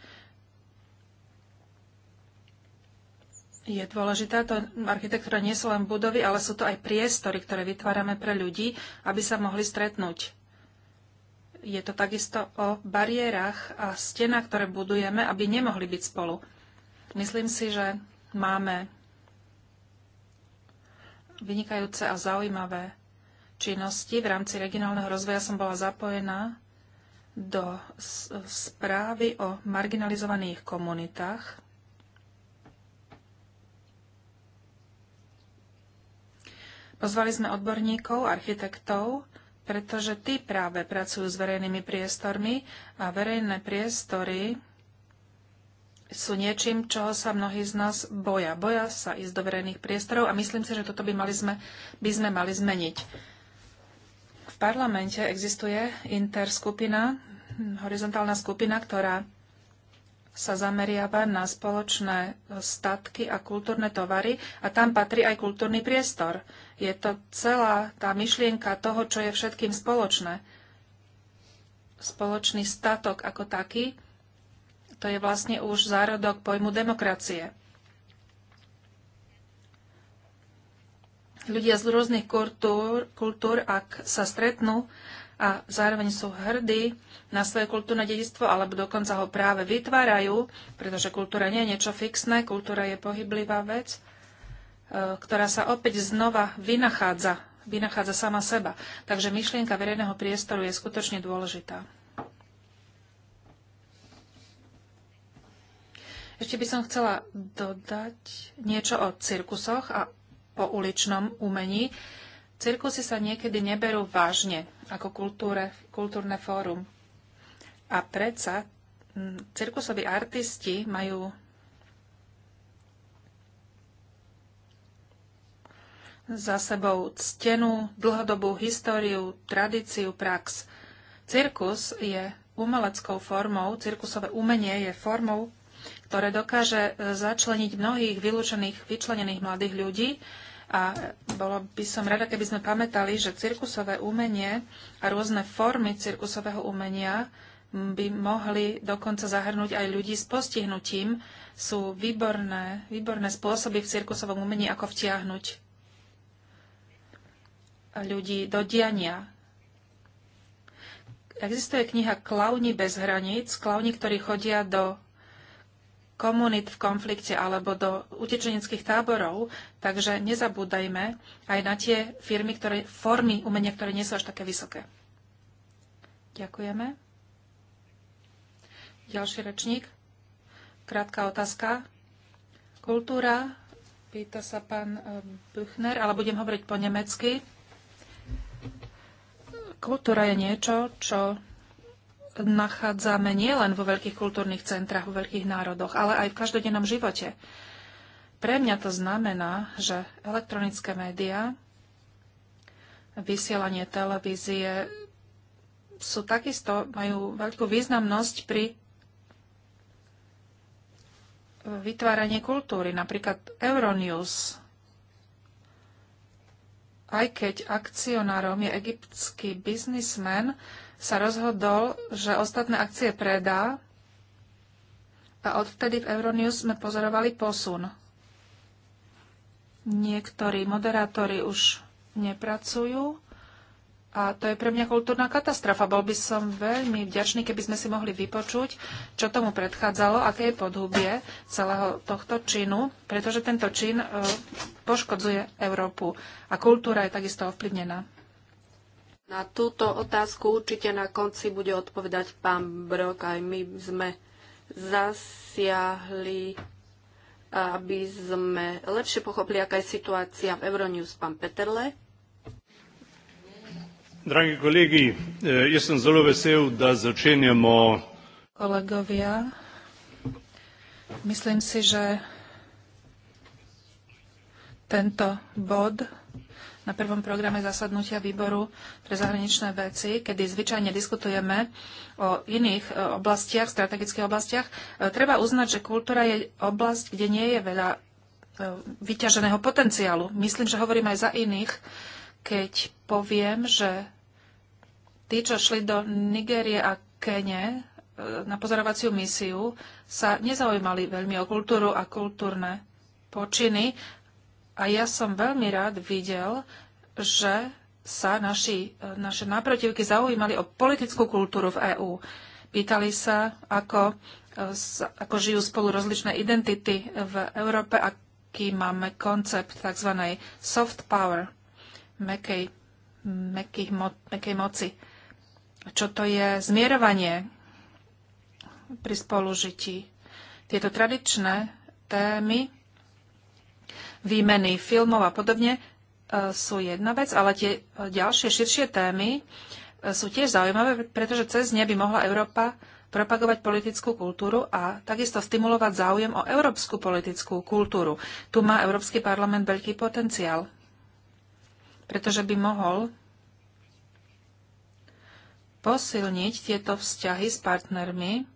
je dôležitá. To architektúra nie sú len budovy, ale sú to aj priestory, ktoré vytvárame pre ľudí, aby sa mohli stretnúť je to takisto o bariérach a stenách, ktoré budujeme, aby nemohli byť spolu. Myslím si, že máme vynikajúce a zaujímavé činnosti. V rámci regionálneho rozvoja som bola zapojená do správy o marginalizovaných komunitách. Pozvali sme odborníkov, architektov, pretože tí práve pracujú s verejnými priestormi a verejné priestory sú niečím, čo sa mnohí z nás boja. Boja sa ísť do verejných priestorov a myslím si, že toto by, mali sme, by sme mali zmeniť. V parlamente existuje interskupina, horizontálna skupina, ktorá sa zameriava na spoločné statky a kultúrne tovary a tam patrí aj kultúrny priestor. Je to celá tá myšlienka toho, čo je všetkým spoločné. Spoločný statok ako taký, to je vlastne už zárodok pojmu demokracie. Ľudia z rôznych kultúr, kultúr ak sa stretnú a zároveň sú hrdí na svoje kultúrne dedictvo, alebo dokonca ho práve vytvárajú, pretože kultúra nie je niečo fixné, kultúra je pohyblivá vec, e, ktorá sa opäť znova vynachádza, vynachádza sama seba. Takže myšlienka verejného priestoru je skutočne dôležitá. Ešte by som chcela dodať niečo o cirkusoch a po uličnom umení. Cirkusy sa niekedy neberú vážne ako kultúre, kultúrne fórum. A predsa mm, cirkusoví artisti majú za sebou ctenú, dlhodobú históriu, tradíciu, prax. Cirkus je umeleckou formou, cirkusové umenie je formou, ktoré dokáže e, začleniť mnohých vylúčených, vyčlenených mladých ľudí. A e, bolo by som rada, keby sme pamätali, že cirkusové umenie a rôzne formy cirkusového umenia by mohli dokonca zahrnúť aj ľudí s postihnutím. Sú výborné, výborné spôsoby v cirkusovom umení, ako vtiahnuť ľudí do diania. Existuje kniha Klauni bez hraníc, klauni, ktorí chodia do komunit v konflikte alebo do utečeneckých táborov, takže nezabúdajme aj na tie firmy, ktoré, formy umenia, ktoré nie sú až také vysoké. Ďakujeme. Ďalší rečník. Krátka otázka. Kultúra, pýta sa pán eh, Büchner, ale budem hovoriť po nemecky. Kultúra je niečo, čo nachádzame nielen vo veľkých kultúrnych centrách, vo veľkých národoch, ale aj v každodennom živote. Pre mňa to znamená, že elektronické médiá, vysielanie televízie sú takisto, majú veľkú významnosť pri vytváranie kultúry, napríklad Euronews. Aj keď akcionárom je egyptský biznismen, sa rozhodol, že ostatné akcie predá a odvtedy v Euronews sme pozorovali posun. Niektorí moderátori už nepracujú, a to je pre mňa kultúrna katastrofa. Bol by som veľmi vďačný, keby sme si mohli vypočuť, čo tomu predchádzalo, aké je podhubie celého tohto činu, pretože tento čin e, poškodzuje Európu a kultúra je takisto ovplyvnená. Na túto otázku určite na konci bude odpovedať pán Brok. Aj my sme zasiahli, aby sme lepšie pochopili, aká je situácia v Euronews, pán Peterle. Dragi kolegi, eh, jaz sem zelo vesel, da začenjamo. Kolegovia, myslím si, že tento bod na prvom programe zasadnutia výboru pre zahraničné veci, kedy zvyčajne diskutujeme o iných eh, oblastiach, strategických oblastiach, eh, treba uznať, že kultúra je oblasť, kde nie je veľa vyťaženého potenciálu. Myslím, že hovorím aj za iných, keď poviem, že Tí, čo šli do Nigérie a Kene e, na pozorovaciu misiu, sa nezaujímali veľmi o kultúru a kultúrne počiny. A ja som veľmi rád videl, že sa naši, e, naše náprotivky zaujímali o politickú kultúru v EÚ. Pýtali sa, ako, e, ako žijú spolu rozličné identity v Európe, aký máme koncept tzv. soft power, mekej, mekej, mo, mekej moci čo to je zmierovanie pri spolužití. Tieto tradičné témy, výmeny filmov a podobne e, sú jedna vec, ale tie ďalšie, širšie témy e, sú tiež zaujímavé, pretože cez ne by mohla Európa propagovať politickú kultúru a takisto stimulovať záujem o európsku politickú kultúru. Tu má Európsky parlament veľký potenciál, pretože by mohol posilniť tieto vzťahy s partnermi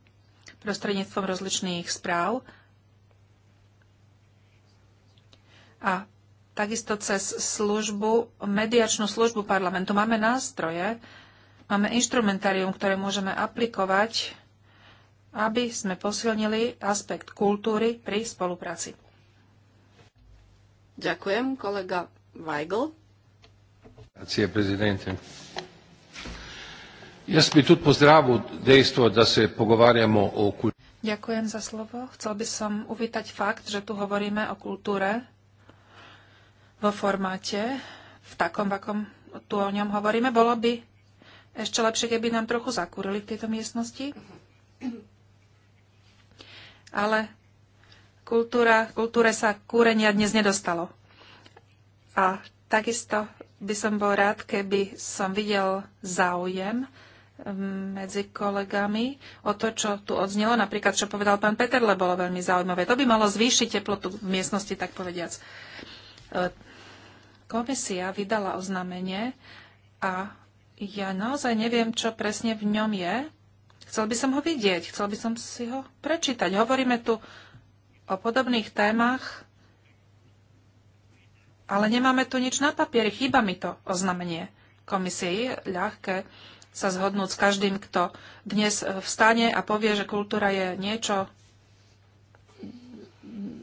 prostredníctvom rozličných správ a takisto cez službu, mediačnú službu parlamentu. Máme nástroje, máme instrumentárium, ktoré môžeme aplikovať, aby sme posilnili aspekt kultúry pri spolupráci. Ďakujem, kolega Weigl. Grazie, prezidente. Jaz bi tudi pozdravil dejstvo, da se pogovarjamo o kulturi. Ďakujem za slovo. Chcel by som uvítať fakt, že tu hovoríme o kultúre vo formáte, v takom, v akom tu o ňom hovoríme. Bolo by ešte lepšie, keby nám trochu zakúrili v tejto miestnosti. Ale kultúra, kultúre sa kúrenia dnes nedostalo. A takisto by som bol rád, keby som videl záujem medzi kolegami o to, čo tu odznelo, napríklad čo povedal pán Peter, lebo bolo veľmi zaujímavé. To by malo zvýšiť teplotu v miestnosti, tak povediac. E, komisia vydala oznámenie a ja naozaj neviem, čo presne v ňom je. Chcel by som ho vidieť, chcel by som si ho prečítať. Hovoríme tu o podobných témach, ale nemáme tu nič na papieri. Chýba mi to oznamenie komisie. Je ľahké sa zhodnúť s každým, kto dnes e, vstane a povie, že kultúra je niečo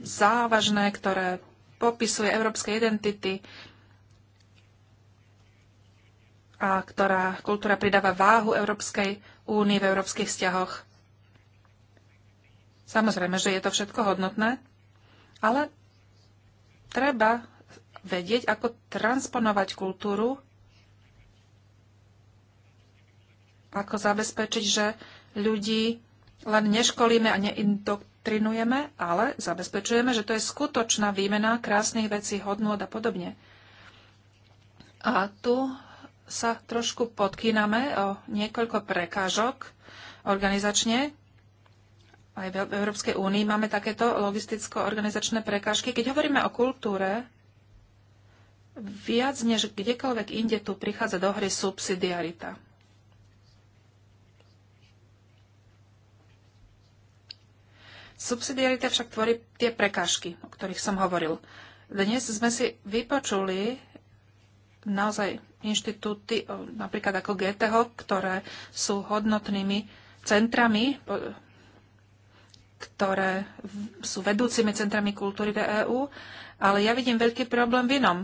závažné, ktoré popisuje európske identity a ktorá kultúra pridáva váhu Európskej únii v európskych vzťahoch. Samozrejme, že je to všetko hodnotné, ale treba vedieť, ako transponovať kultúru ako zabezpečiť, že ľudí len neškolíme a neindoktrinujeme, ale zabezpečujeme, že to je skutočná výmena krásnych vecí, hodnôt a podobne. A tu sa trošku podkýname o niekoľko prekážok organizačne. Aj v Európskej únii máme takéto logisticko-organizačné prekážky. Keď hovoríme o kultúre, viac než kdekoľvek inde tu prichádza do hry subsidiarita. Subsidiarita však tvorí tie prekážky, o ktorých som hovoril. Dnes sme si vypočuli naozaj inštitúty, napríklad ako GTO, ktoré sú hodnotnými centrami, ktoré sú vedúcimi centrami kultúry v EÚ, ale ja vidím veľký problém v inom.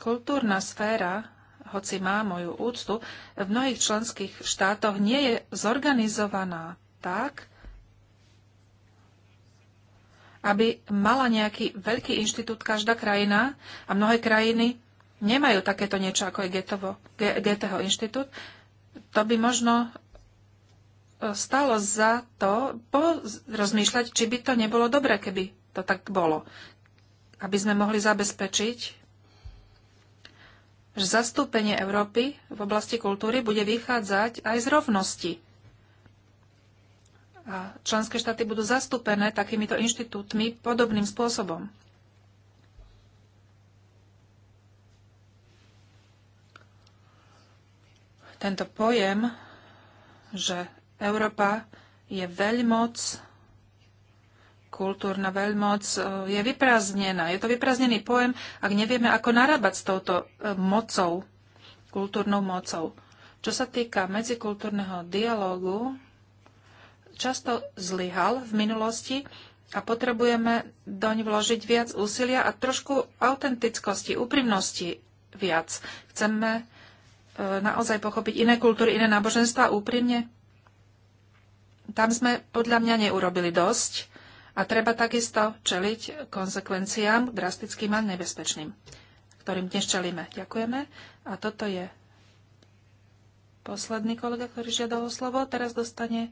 Kultúrna sféra, hoci má moju úctu, v mnohých členských štátoch nie je zorganizovaná tak, aby mala nejaký veľký inštitút každá krajina a mnohé krajiny nemajú takéto niečo ako je Getovo, Geteho inštitút, to by možno e, stalo za to rozmýšľať, či by to nebolo dobre, keby to tak bolo. Aby sme mohli zabezpečiť, že zastúpenie Európy v oblasti kultúry bude vychádzať aj z rovnosti a členské štáty budú zastúpené takýmito inštitútmi podobným spôsobom. Tento pojem, že Európa je veľmoc, kultúrna veľmoc, e, je vyprázdnená. Je to vyprázdnený pojem, ak nevieme, ako narábať s touto e, mocou, kultúrnou mocou. Čo sa týka medzikultúrneho dialógu, často zlyhal v minulosti a potrebujeme doň vložiť viac úsilia a trošku autentickosti, úprimnosti viac. Chceme e, naozaj pochopiť iné kultúry, iné náboženstva úprimne. Tam sme podľa mňa neurobili dosť a treba takisto čeliť konsekvenciám drastickým a nebezpečným, ktorým dnes čelíme. Ďakujeme. A toto je posledný kolega, ktorý žiadal o slovo. Teraz dostane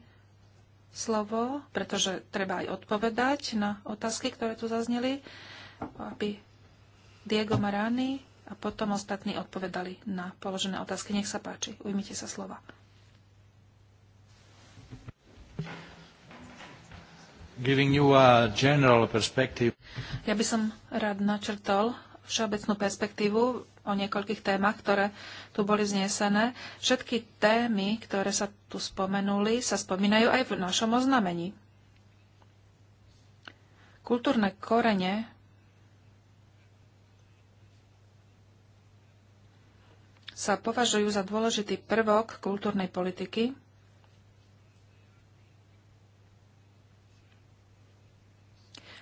slovo, pretože treba aj odpovedať na otázky, ktoré tu zazneli, aby Diego Marani a potom ostatní odpovedali na položené otázky. Nech sa páči, ujmite sa slova. Giving you a general perspective. Ja by som rád načrtol všeobecnú perspektívu o niekoľkých témach, ktoré tu boli znesené. Všetky témy, ktoré sa tu spomenuli, sa spomínajú aj v našom oznamení. Kultúrne korene sa považujú za dôležitý prvok kultúrnej politiky,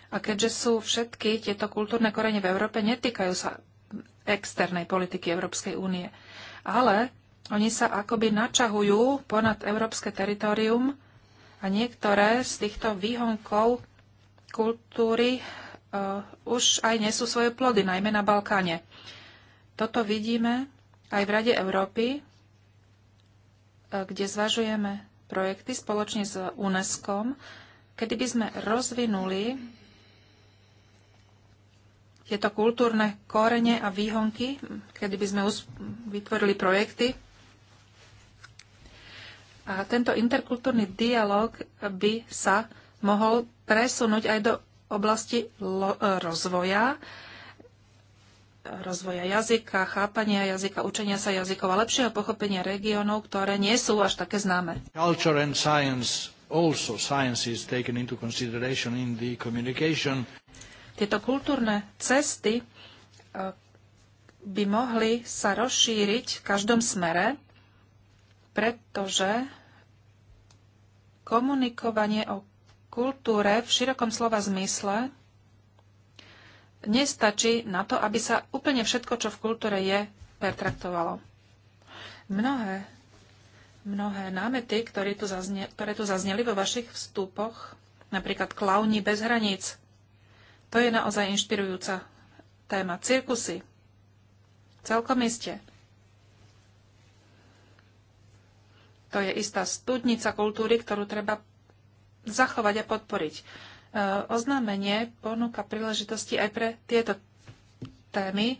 A keďže sú všetky tieto kultúrne korene v Európe, netýkajú sa externej politiky Európskej únie. Ale oni sa akoby načahujú ponad európske teritorium a niektoré z týchto výhonkov kultúry uh, už aj nesú svoje plody, najmä na Balkáne. Toto vidíme aj v Rade Európy, uh, kde zvažujeme projekty spoločne s UNESCO, kedy by sme rozvinuli tieto kultúrne korene a výhonky, kedy by sme vytvorili projekty. A tento interkultúrny dialog by sa mohol presunúť aj do oblasti e, rozvoja, rozvoja jazyka, chápania jazyka, učenia sa jazykov a lepšieho pochopenia regiónov, ktoré nie sú až také známe. Culture and science also science is taken into consideration in the communication. Tieto kultúrne cesty e, by mohli sa rozšíriť v každom smere, pretože komunikovanie o kultúre v širokom slova zmysle nestačí na to, aby sa úplne všetko, čo v kultúre je, pertraktovalo. Mnohé, mnohé námety, ktoré tu, zazne, ktoré tu zazneli vo vašich vstupoch, napríklad klauni bez hraníc, to je naozaj inšpirujúca téma. Cirkusy. celkom iste. To je istá studnica kultúry, ktorú treba zachovať a podporiť. E, oznámenie ponúka príležitosti aj pre tieto témy. E,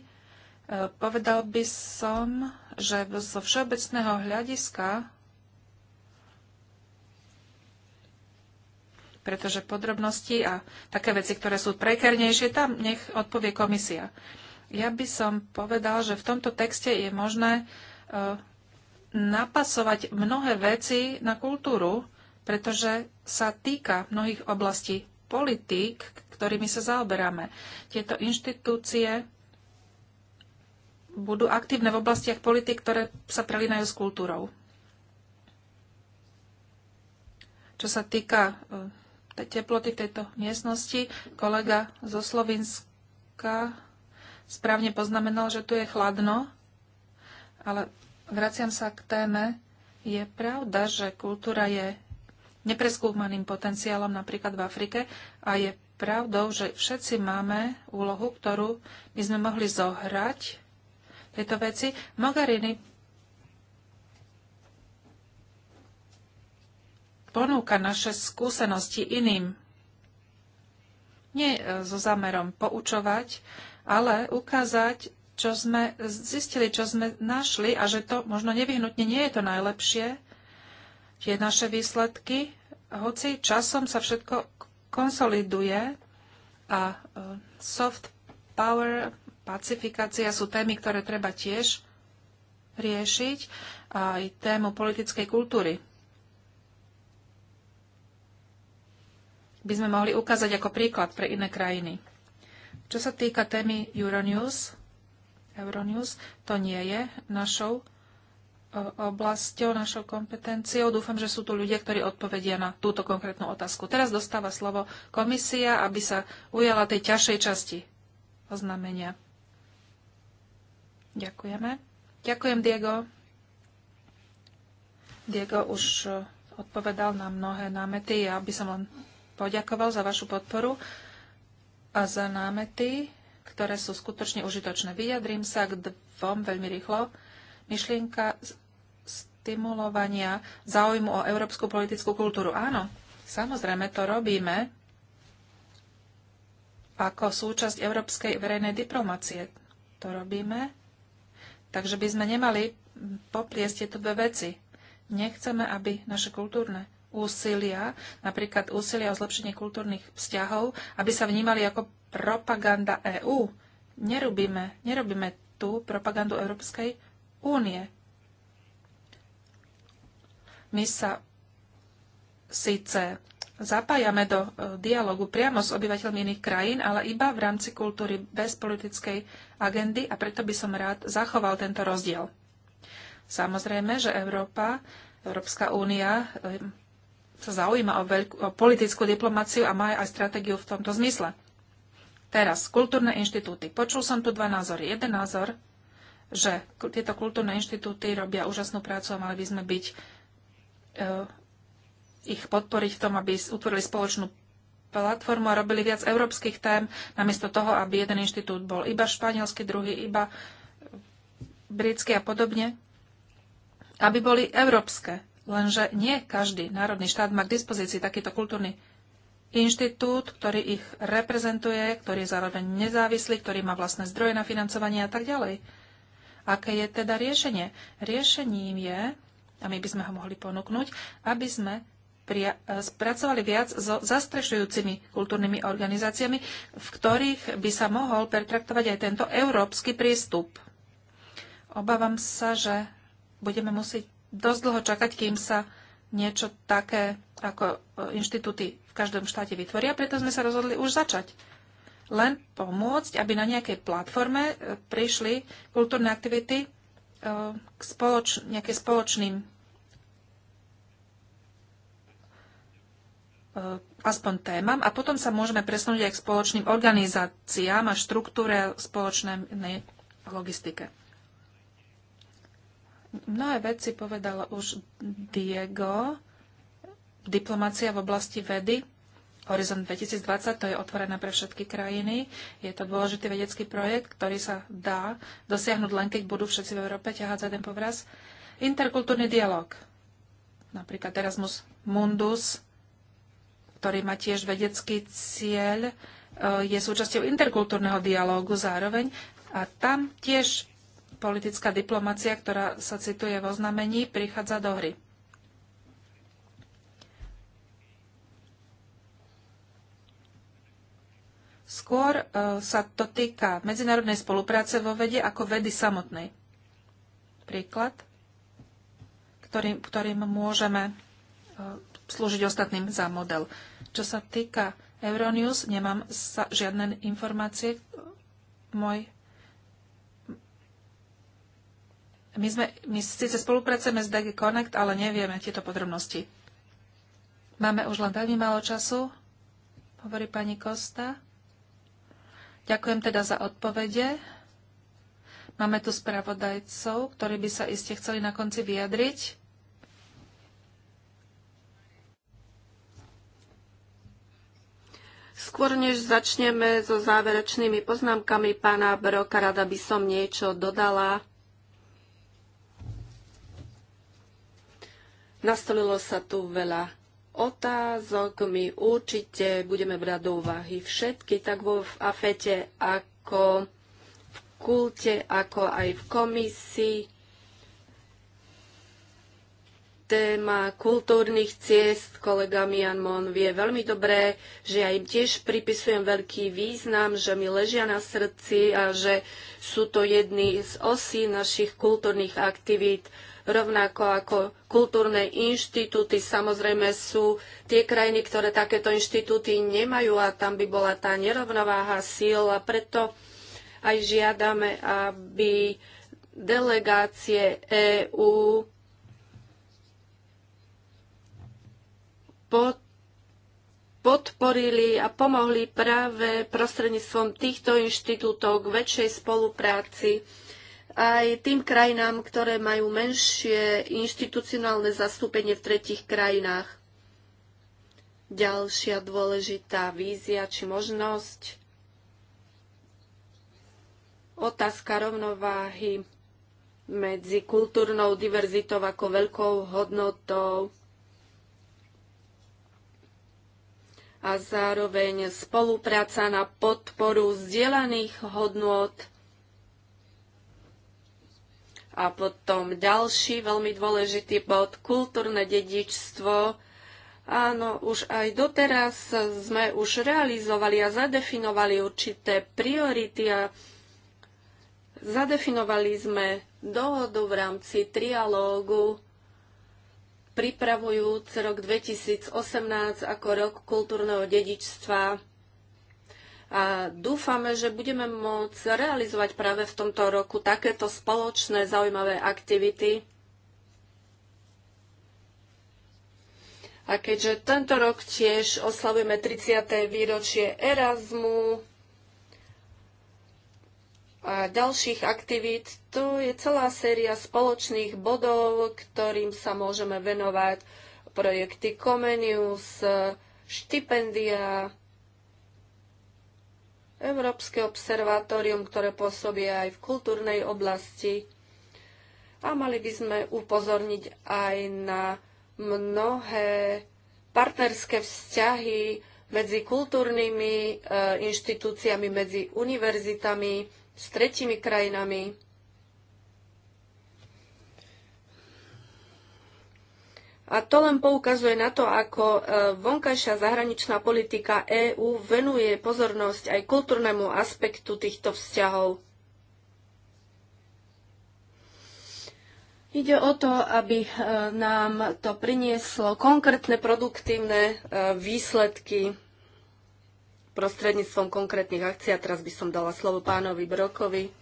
povedal by som, že zo všeobecného hľadiska pretože podrobnosti a také veci, ktoré sú prekernejšie, tam nech odpovie komisia. Ja by som povedal, že v tomto texte je možné e, napasovať mnohé veci na kultúru, pretože sa týka mnohých oblastí politík, ktorými sa zaoberáme. Tieto inštitúcie budú aktívne v oblastiach politik, ktoré sa prelínajú s kultúrou. Čo sa týka e, teploty v tejto miestnosti. Kolega zo Slovenska správne poznamenal, že tu je chladno, ale vraciam sa k téme. Je pravda, že kultúra je nepreskúmaným potenciálom napríklad v Afrike a je pravdou, že všetci máme úlohu, ktorú by sme mohli zohrať tieto veci. Mogherini ponúka naše skúsenosti iným. Nie e, so zámerom poučovať, ale ukázať, čo sme zistili, čo sme našli a že to možno nevyhnutne nie je to najlepšie, tie naše výsledky, hoci časom sa všetko konsoliduje a e, soft power, pacifikácia sú témy, ktoré treba tiež riešiť, aj tému politickej kultúry. by sme mohli ukázať ako príklad pre iné krajiny. Čo sa týka témy Euronews, Euronews to nie je našou e, oblasťou, našou kompetenciou. Dúfam, že sú tu ľudia, ktorí odpovedia na túto konkrétnu otázku. Teraz dostáva slovo komisia, aby sa ujala tej ťažšej časti oznámenia. Ďakujeme. Ďakujem, Diego. Diego už e, odpovedal na mnohé námety. Ja by som len poďakoval za vašu podporu a za námety, ktoré sú skutočne užitočné. Vyjadrím sa k dvom veľmi rýchlo. Myšlienka stimulovania záujmu o európsku politickú kultúru. Áno, samozrejme to robíme ako súčasť európskej verejnej diplomacie. To robíme. Takže by sme nemali popriesť tieto dve veci. Nechceme, aby naše kultúrne úsilia, napríklad úsilia o zlepšenie kultúrnych vzťahov, aby sa vnímali ako propaganda EÚ. Nerobíme, nerobíme tú propagandu Európskej únie. My sa síce zapájame do e, dialogu priamo s obyvateľmi iných krajín, ale iba v rámci kultúry bez politickej agendy a preto by som rád zachoval tento rozdiel. Samozrejme, že Európa Európska únia e, sa zaujíma o, veľkú, o politickú diplomáciu a má aj stratégiu v tomto zmysle. Teraz, kultúrne inštitúty. Počul som tu dva názory. Jeden názor, že tieto kultúrne inštitúty robia úžasnú prácu a mali by sme byť, e, ich podporiť v tom, aby utvorili spoločnú platformu a robili viac európskych tém, namiesto toho, aby jeden inštitút bol iba španielský, druhý iba britský a podobne, aby boli európske Lenže nie každý národný štát má k dispozícii takýto kultúrny inštitút, ktorý ich reprezentuje, ktorý je zároveň nezávislý, ktorý má vlastné zdroje na financovanie a tak ďalej. Aké je teda riešenie? Riešením je, a my by sme ho mohli ponúknuť, aby sme e, spracovali viac so zastrešujúcimi kultúrnymi organizáciami, v ktorých by sa mohol pertraktovať aj tento európsky prístup. Obávam sa, že budeme musieť dosť dlho čakať, kým sa niečo také ako e, inštitúty v každom štáte vytvoria, preto sme sa rozhodli už začať. Len pomôcť, aby na nejakej platforme e, prišli kultúrne aktivity e, k spoloč, nejakým spoločným aspoň témam a potom sa môžeme presunúť aj k spoločným organizáciám a štruktúre spoločnej logistike. Mnohé veci povedala už Diego. Diplomácia v oblasti vedy. Horizont 2020 to je otvorené pre všetky krajiny. Je to dôležitý vedecký projekt, ktorý sa dá dosiahnuť len, keď budú všetci v Európe ťahať za jeden povraz. Interkultúrny dialog. Napríklad Erasmus Mundus, ktorý má tiež vedecký cieľ, e, je súčasťou interkultúrneho dialógu zároveň a tam tiež politická diplomacia, ktorá sa cituje v oznamení, prichádza do hry. Skôr e, sa to týka medzinárodnej spolupráce vo vede ako vedy samotnej. Príklad, ktorým, ktorým môžeme e, slúžiť ostatným za model. Čo sa týka Euronews, nemám sa žiadne informácie. Môj My, sme, my síce spolupracujeme s DG Connect, ale nevieme tieto podrobnosti. Máme už len veľmi málo času, hovorí pani Kosta. Ďakujem teda za odpovede. Máme tu spravodajcov, ktorí by sa iste chceli na konci vyjadriť. Skôr než začneme so záverečnými poznámkami pána Broka, rada by som niečo dodala. Nastolilo sa tu veľa otázok. My určite budeme brať do úvahy všetky, tak vo v AFETE, ako v kulte, ako aj v komisii. Téma kultúrnych ciest, kolega Mian Mon vie veľmi dobre, že ja im tiež pripisujem veľký význam, že mi ležia na srdci a že sú to jedny z osí našich kultúrnych aktivít rovnako ako kultúrne inštitúty. Samozrejme sú tie krajiny, ktoré takéto inštitúty nemajú a tam by bola tá nerovnováha síl a preto aj žiadame, aby delegácie EÚ podporili a pomohli práve prostredníctvom týchto inštitútov k väčšej spolupráci aj tým krajinám, ktoré majú menšie inštitucionálne zastúpenie v tretich krajinách. Ďalšia dôležitá vízia či možnosť. Otázka rovnováhy medzi kultúrnou diverzitou ako veľkou hodnotou a zároveň spolupráca na podporu zdieľaných hodnot. A potom ďalší veľmi dôležitý bod, kultúrne dedičstvo. Áno, už aj doteraz sme už realizovali a zadefinovali určité priority a zadefinovali sme dohodu v rámci trialógu pripravujúc rok 2018 ako rok kultúrneho dedičstva a dúfame, že budeme môcť realizovať práve v tomto roku takéto spoločné zaujímavé aktivity. A keďže tento rok tiež oslavujeme 30. výročie Erasmu a ďalších aktivít, tu je celá séria spoločných bodov, ktorým sa môžeme venovať. Projekty Comenius, štipendia, Európske observatórium, ktoré pôsobí aj v kultúrnej oblasti. A mali by sme upozorniť aj na mnohé partnerské vzťahy medzi kultúrnymi e, inštitúciami, medzi univerzitami, s tretimi krajinami A to len poukazuje na to, ako e, vonkajšia zahraničná politika EÚ venuje pozornosť aj kultúrnemu aspektu týchto vzťahov. Ide o to, aby e, nám to prinieslo konkrétne produktívne e, výsledky prostredníctvom konkrétnych akcií. A teraz by som dala slovo pánovi Brokovi.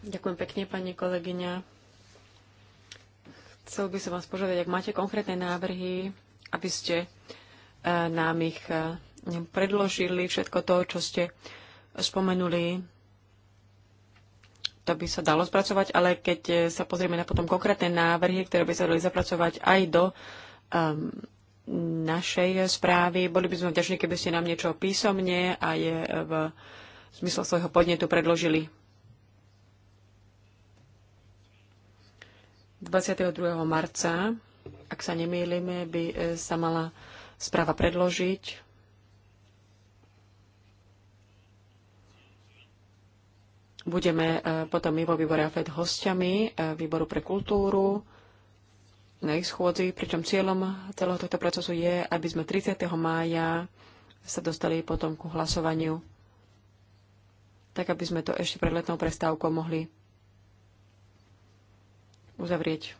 Ďakujem pekne, pani kolegyňa. Chcel by som vás požiadať, ak máte konkrétne návrhy, aby ste e, nám ich e, predložili, všetko to, čo ste spomenuli, to by sa dalo spracovať, ale keď e, sa pozrieme na potom konkrétne návrhy, ktoré by sa dali zapracovať aj do um, našej správy, boli by sme vďační, keby ste nám niečo písomne aj v zmysle svojho podnetu predložili. 22. marca, ak sa nemýlime, by e, sa mala správa predložiť. Budeme e, potom my vo výbore AFED hostiami e, výboru pre kultúru na ich schôdzi, pričom cieľom celého tohto procesu je, aby sme 30. mája sa dostali potom ku hlasovaniu, tak aby sme to ešte pred letnou prestávkou mohli uzavrieť.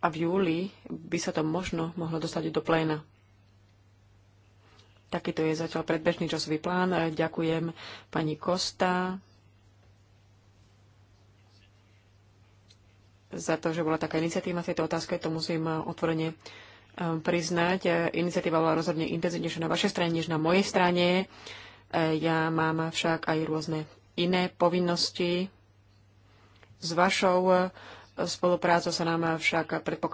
A v júli by sa to možno mohlo dostať do pléna. Takýto je zatiaľ predbežný časový plán. Ďakujem pani Kosta za to, že bola taká iniciatíva v tejto otázke. To musím otvorene Um, priznať, e, iniciatíva bola rozhodne intenzívnejšia na vašej strane než na mojej strane. E, ja mám však aj rôzne iné povinnosti. S vašou e, spoluprácou sa nám však predpokladá